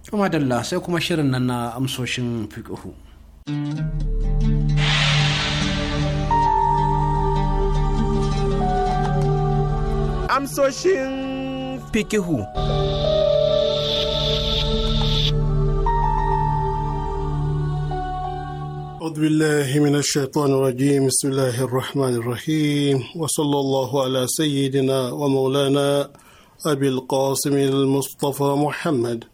Speaker 3: Tuma dalla sai kuma shirin nan na amsoshin fiƙihu.
Speaker 6: Amsoshin fiƙihu.
Speaker 11: أعوذ بالله من الشيطان الرجيم بسم الله الرحمن الرحيم وصلى الله على سيدنا ومولانا أبي القاسم المصطفى محمد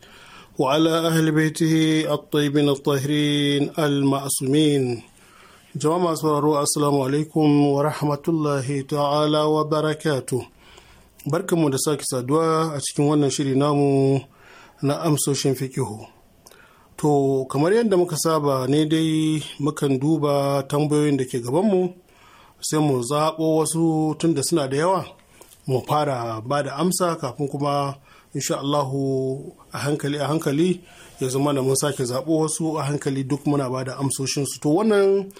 Speaker 11: وعلى أهل بيته الطيبين الطاهرين المعصومين جماعة سرارو السلام عليكم ورحمة الله تعالى وبركاته بركة saduwa a cikin wannan شيري namu na amsoshin fikihu. To, kamar yadda muka saba ne dai mukan duba tambayoyin da ke gabanmu sai mu zaɓo wasu tunda suna da yawa mu fara ba da amsa kafin kuma inshaAllahu. a hankali a hankali ya zama da mun sake zaɓo wasu a hankali duk muna ba da amsoshinsu to wannan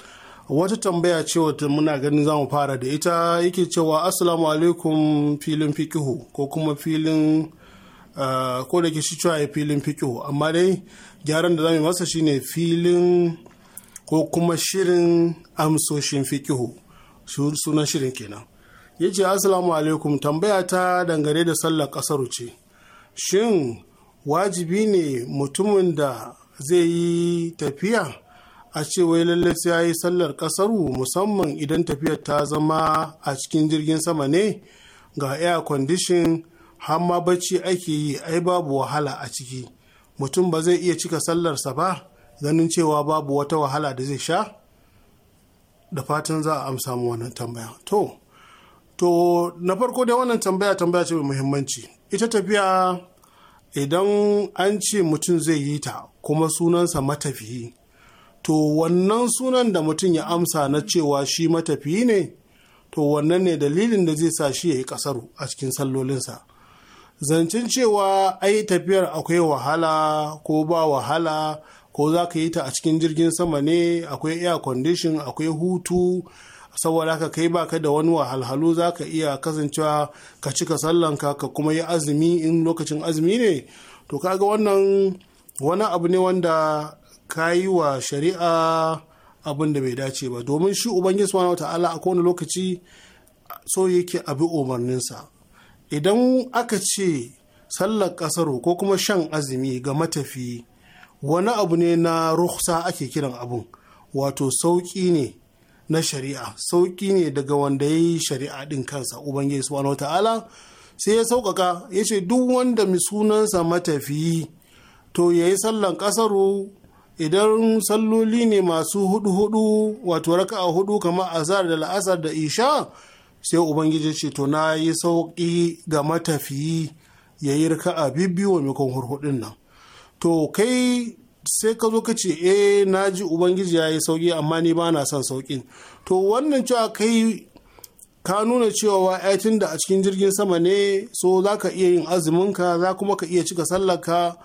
Speaker 11: wata tambaya ce wata muna ganin za mu fara da ita yake cewa assalamu alaikum filin fikihu ko kuma filin ko da ke shi cewa filin fikihu amma dai gyaran da zamu masa shine filin ko kuma shirin amsoshin fikihu sunan shirin kenan ya ce assalamu alaikum tambaya ta dangane da sallar kasar ce shin wajibi ne mutumin da zai yi tafiya a ce wai lallai sai ya yi sallar kasaru musamman idan tafiyar ta zama a cikin jirgin sama ne ga air condition har ma bacci ake yi ai babu wahala a ciki mutum ba zai iya cika sallarsa ba ganin cewa babu wata wahala da zai sha da fatan za a amsa mu wannan tambaya to to na farko dai wannan tambaya tambaya ce mai muhimmanci ita tafiya idan an ce mutum zai yi ta kuma sunansa matafiyi to wannan sunan da mutum ya amsa na cewa shi matafiyi ne to wannan ne dalilin da zai sa shi ya yi kasaru a cikin sallolinsa zancen cewa ai tafiyar akwai wahala ko ba wahala ko za ka yi ta a cikin jirgin sama ne akwai air condition akwai hutu saboda haka kai baka da wani wahalhalu za ka iya kasancewa ka cika sallanka ka kuma yi azumi in lokacin azumi ne to kaga wannan wani abu ne wanda ka yi wa shari'a abin da bai dace ba domin shi ubangiji subhanahu ala a kowane lokaci so yake abi umarninsa idan aka ce sallar kasaro ko kuma shan azumi ga matafi wani abu ne na ruhsa ake kiran abun wato sauki ne na shari'a sauƙi ne daga wanda ya yi shari'a ɗin kansa ubangiji subhanahu wa ta'ala sai ya sauƙaƙa ya ce duk wanda mai sunansa matafiyi to ya yi sallan ƙasaru idan salloli ne masu hudu hudu wato raka a hudu kamar azar da la'asar da isha sai ubangiji ce to na yi sauƙi ga matafiyi ya yi a bibbiyu wa mikon hurhudin nan to kai sai ka zo ka ce eh na ji ubangiji ya yi sauki amma ni ba na son saukin to wannan cewa kai ka nuna cewa ayatin da a cikin jirgin sama ne so za ka iya yin azuminka za kuma ka iya cika sallarka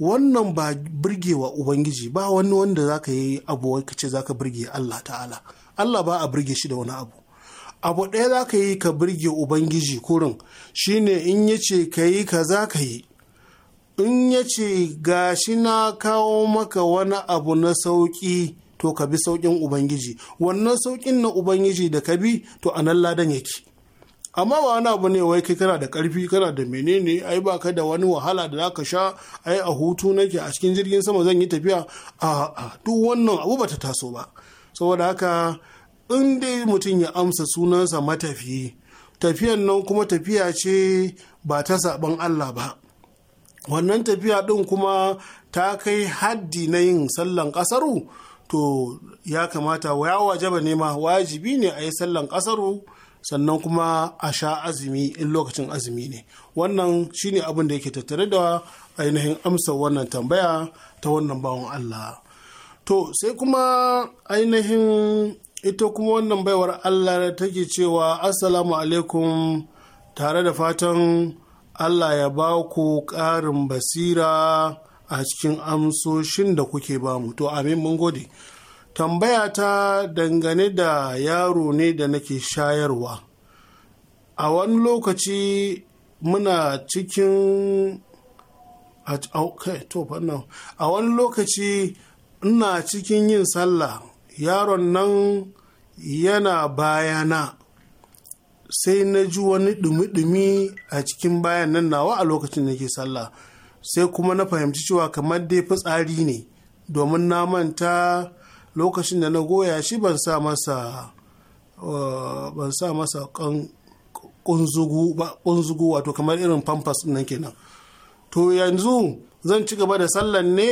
Speaker 11: wannan ba birgewa ubangiji ba wani wanda za ka yi abu ka ce za ka birge allah ta'ala allah ba a birge shi da wani abu abu ɗaya za ka yi ka birge ubangiji kurin shine in ya ce ka yi ka za ka yi in ya ce gashi na kawo maka wani abu na sauƙi to ka bi sauƙin ubangiji wannan sauƙin na ubangiji da ka bi to a nan ladan yake amma ba wani abu ne wai kai kana da karfi kana da menene ai ba ka da wani wahala da zaka sha ai a hutu nake a cikin jirgin sama zan yi tafiya a duk wannan abu bata taso ba saboda haka in dai mutum ya amsa sunansa matafi, tafiyan nan kuma tafiya ce ba ta saban Allah ba wannan tafiya ɗin kuma ta kai haddi na yin sallan ƙasaru to ya kamata ya wajaba ne ma wajibi ne a yi sallan ƙasaru sannan kuma a sha azumi in lokacin azumi ne wannan shine abin da yake tattare da ainihin amsa wannan tambaya ta wannan bawan Allah to sai kuma ainihin ita kuma wannan baiwar Allah take cewa assalamu alaikum tare da fatan Allah ya ba ku ƙarin basira a cikin amsoshin da kuke ba mu. To, amin mun gode. Tambaya ta dangane da yaro ne da nake shayarwa. A wani lokaci muna cikin a wani lokaci ina cikin yin sallah yaron nan yana bayana sai na ji wani ɗumi-ɗumi a cikin bayan nan nawa a lokacin da ke sallah sai kuma na fahimci cewa kamar dai fitsari ne domin na manta lokacin da na goya shi ban sa masa eh, ban sa masa kunzugu wato kamar irin pampas nan kenan to yanzu zan ci gaba da sallan ne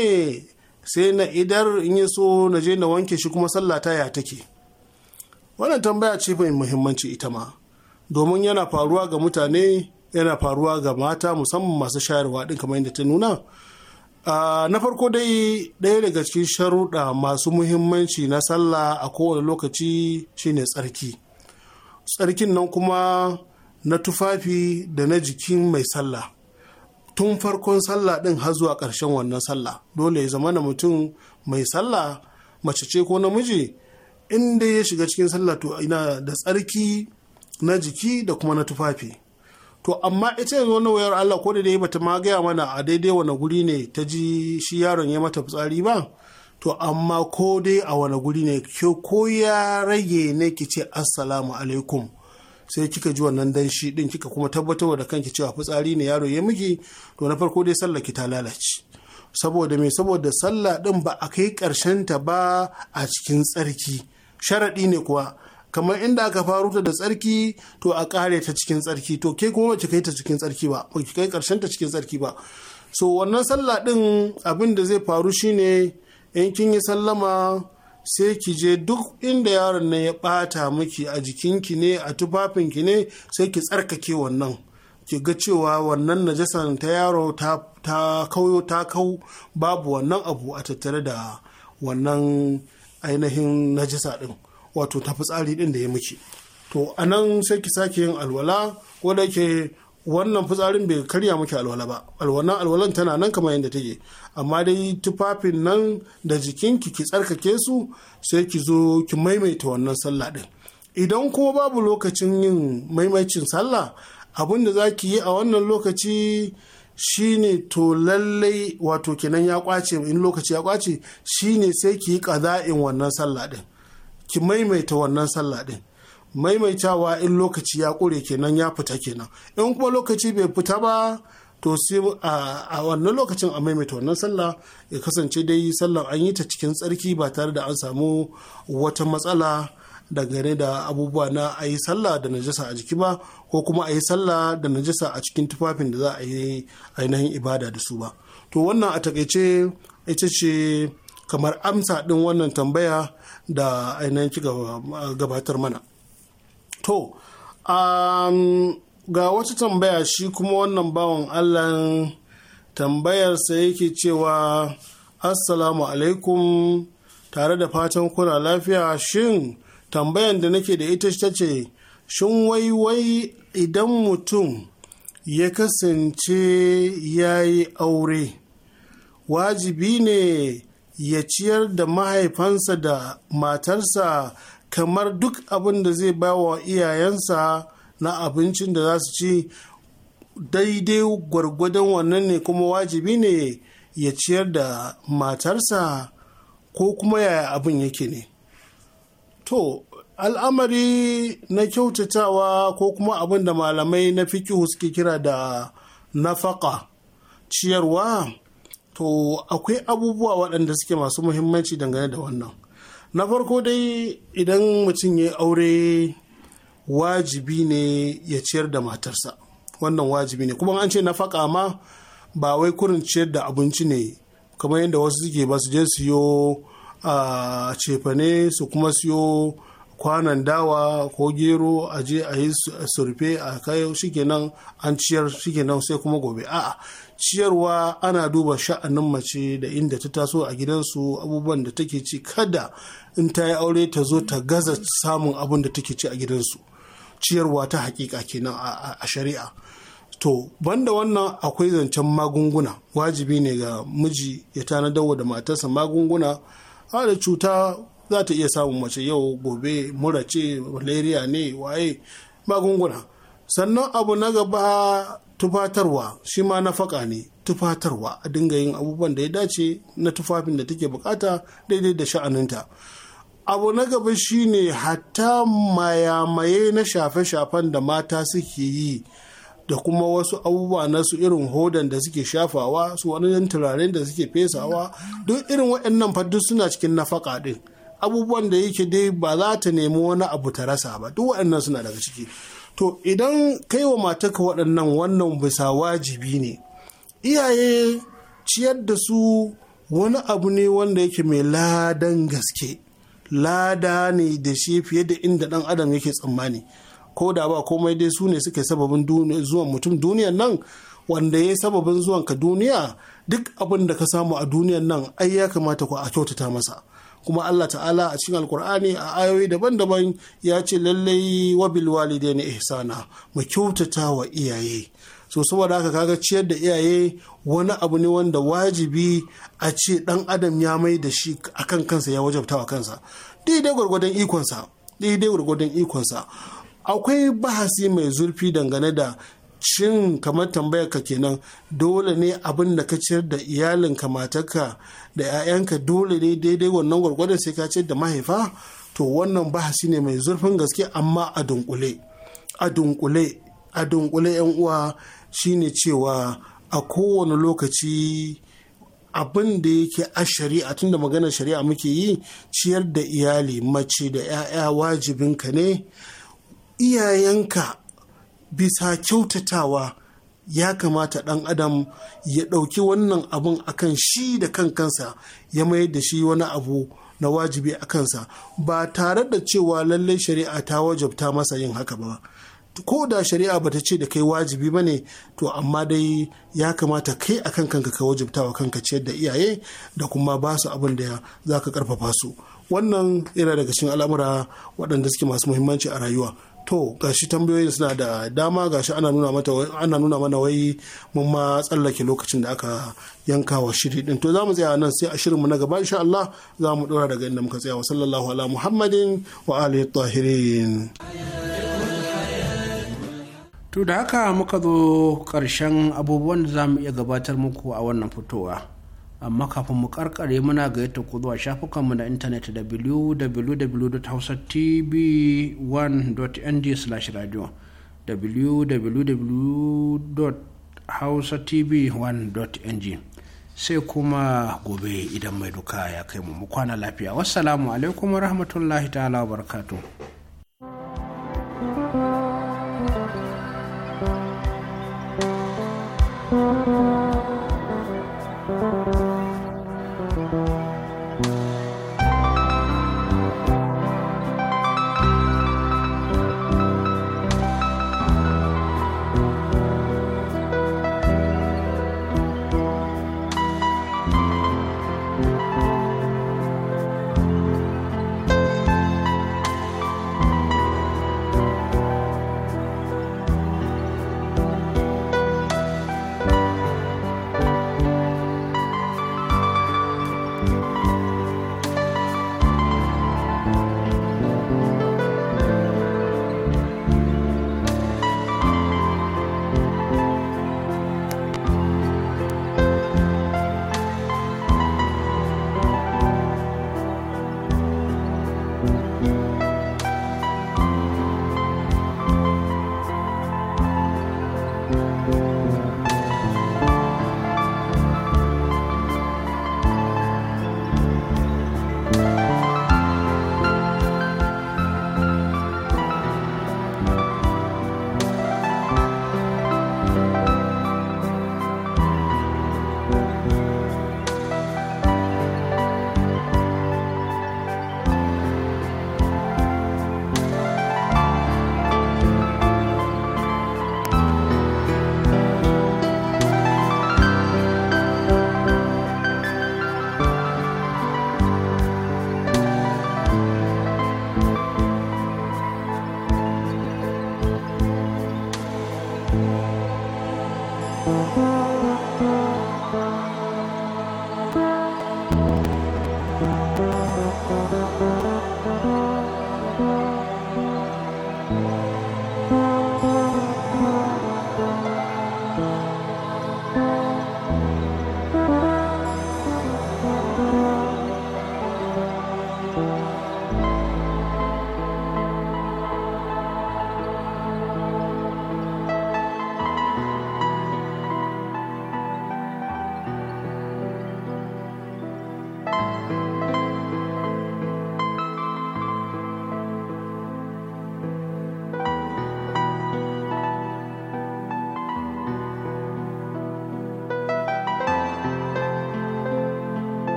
Speaker 11: sai na idar in yi so na je na wanke shi kuma sallah ta ya take wannan tambaya ce mai muhimmanci ita ma domin yana faruwa ga mutane yana faruwa ga mata musamman masu shayarwa din kamar yadda ta nuna na farko dai ɗaya daga cikin sharuɗa masu muhimmanci na sallah a kowane lokaci shine tsarki tsarkin nan kuma na tufafi da na jikin mai sallah tun farkon sallah ɗin har zuwa ƙarshen wannan sallah dole ya zama na mutum mai sallah mace ce ko namiji in dai ya shiga cikin sallah to ina da tsarki na jiki da kuma na tufafi to amma ita yanzu wani wayar Allah ko da dai bata ma gaya mana a daidai wani guri ne ta ji shi yaron ya mata fitsari ba to amma ko dai a wani guri ne ko ya rage ne ki ce assalamu alaikum sai kika ji wannan danshi din kika kuma tabbatar da kanki cewa fitsari ne yaro ya miki to na farko dai sallah ki ta lalace saboda me saboda sallah din ba a kai karshen ta ba a cikin tsarki Sharaɗi ne kuwa kamar inda aka faru ta da tsarki to a kare ta cikin tsarki to ke kuma bace kai ta cikin tsarki ba ba kai karshen ta cikin tsarki ba so wannan sallah din abin da zai faru shine in kin yi sallama sai ki je duk inda yaron nan ya bata miki a jikin ki ne a tufafinki ne sai ki tsarkake wannan ki ga cewa wannan najasan ta yaro ta kauyo ta kau babu wannan abu a tattare da wannan ainihin najasa din wato ta fitsari din da ya miki to a nan sai ki sake yin alwala ko da ke wannan fitsarin bai karya muke alwala ba alwalan alwalan tana nan kamar yadda take amma dai tufafin nan da jikin ki ki tsarkake su sai ki zo ki maimaita wannan sallah din idan ko babu lokacin yin maimaicin sallah abin da za ki yi a wannan lokaci shine to lallai wato kenan ya kwace in lokaci ya kwace shine sai ki yi ƙaza'in wannan sallah din ki maimaita wannan sallah din maimaitawa in lokaci ya ƙure kenan ya fita kenan in kuma lokaci bai fita ba to sai a wannan lokacin a maimaita wannan sallah ya kasance dai sallah. an yi ta cikin tsarki ba tare da an samu wata matsala dangane da abubuwa na a yi sallah da najasa a jiki ba ko kuma a yi sallah da najasa a cikin tufafin da za a yi ainihin ibada da su ba to wannan a takaice ita ce kamar amsa din wannan tambaya da ainihin ci uh, gabatar mana to um, ga wata tambaya shi kuma wannan bawan allah tambayarsa yake cewa assalamu alaikum tare da fatan kuna lafiya shin tambayan da nake da ita ta ce shin waiwai idan mutum ya kasance ya yi aure wajibi ne ya ciyar da mahaifansa da matarsa kamar duk abin da zai ba wa iyayensa na abincin da za su ci daidai gwargwadon wannan ne kuma wajibi ne ya ciyar da matarsa ko kuma yaya abin yake ne to al'amari na kyautatawa ko kuma abin da malamai na fikihu suke kira da nafaka ciyarwa to akwai abubuwa waɗanda suke masu muhimmanci dangane da wannan na farko dai idan mutum ya aure wajibi ne ya ciyar da matarsa wannan wajibi ne kuma an ce na faƙa ma ba wai kurin ciyar da abinci ne kamar yadda wasu suke ba su je siyo a cefane su kuma siyo kwanan dawa ko gero a je a yi surfe a kai nan an ciyar nan sai kuma gobe a'a ciyarwa ana duba sha'anin mace da inda ta taso a gidansu abubuwan da take ci kada in ta yi aure ta zo ta gaza samun abin da take ci a gidansu ciyarwa ta hakika kenan a shari'a to banda wannan akwai zancen magunguna wajibi ne ga miji ya tanadar da matarsa magunguna a da cuta za ta iya samun mace yau gobe murace, ce malaria ne waye magunguna sannan abu na gaba tufatarwa shi ma na faƙa ne tufatarwa a dinga yin abubuwan da ya dace na tufafin da take bukata daidai da sha'aninta abu na gaba shine hatta mayamaye na shafe-shafen da mata suke yi da kuma wasu abubuwa na su irin hodan da suke shafawa su wani turaren da suke fesawa duk irin waɗannan faddu suna cikin nafaka ɗin abubuwan da yake dai ba za ta nemi wani abu ta rasa ba duk waɗannan suna daga ciki to idan kai wa matarka waɗannan wannan bisa wajibi ne iyaye ciyar da su wani abu ne wanda yake mai ladan gaske lada ne da shi fiye da inda ɗan adam yake tsammani ko da ba komai dai su ne suke sababin zuwan mutum duniyan nan wanda ya sababin zuwan ka duniya duk abin da ka samu a duniyan nan ai ya kamata ku a kyautata masa kuma Allah ta'ala a cikin alkur'ani a ayoyi daban-daban ya ce lallai wabil walidaini ihsana mu kyautata wa iyaye so saboda haka kaga ciyar da iyaye wani abu ne wanda wajibi a ce dan adam ya mai da shi akan kansa ya wajabta wa kansa daidai gwargwadon ikonsa daidai gwargwadon ikonsa akwai bahasi mai zurfi dangane da shin kamar tambayar ka kenan dole ne abin da ka ciyar da iyalinka matarka da 'ya'yanka dole ne daidai wannan gwargwadon sai ka ciyar da mahaifa to wannan bahasi ne mai zurfin gaske amma a dunkule a dunkule a dunkule yan uwa shine cewa a kowane lokaci abin da yake a shari'a tunda maganar shari'a muke yi ciyar da iyali mace da 'ya'ya wajibinka ne iyayenka bisa kyautatawa ya kamata ɗan adam ya ɗauki wannan abun akan shi da kan kansa ya mayar da shi wani abu na wajibi a kansa ba tare da cewa lallai shari'a ta wajabta masa yin haka ba ko da shari'a bata ce da kai wajibi ba ne to amma dai ya kamata kai a kan kanka ka wajibta wa kanka ciyar da iyaye da kuma ba su abin da za ka karfafa su wannan yana daga cikin al'amura waɗanda suke masu muhimmanci a rayuwa to ga shi tambayoyin suna da dama gashi ana nuna ana nuna mana wai mun ma tsallake lokacin da aka yanka wa shiri din to zamu tsaya nan sai a shirin mu na gaba insha Allah zamu dora daga inda muka tsaya wa sallallahu ala muhammadin wa alihi tahirin
Speaker 3: to da haka muka zo karshen abubuwan da za mu iya gabatar muku a wannan fitowa amma kafin mu karkare muna ga yadda ku zuwa shafukanmu na intanet www.hausatv1.ng/radio www.hausatv1.ng sai kuma gobe idan mai duka ya kai mu kwana lafiya wassalamu alaikum wa rahmatullahi ta'ala wa barakatuh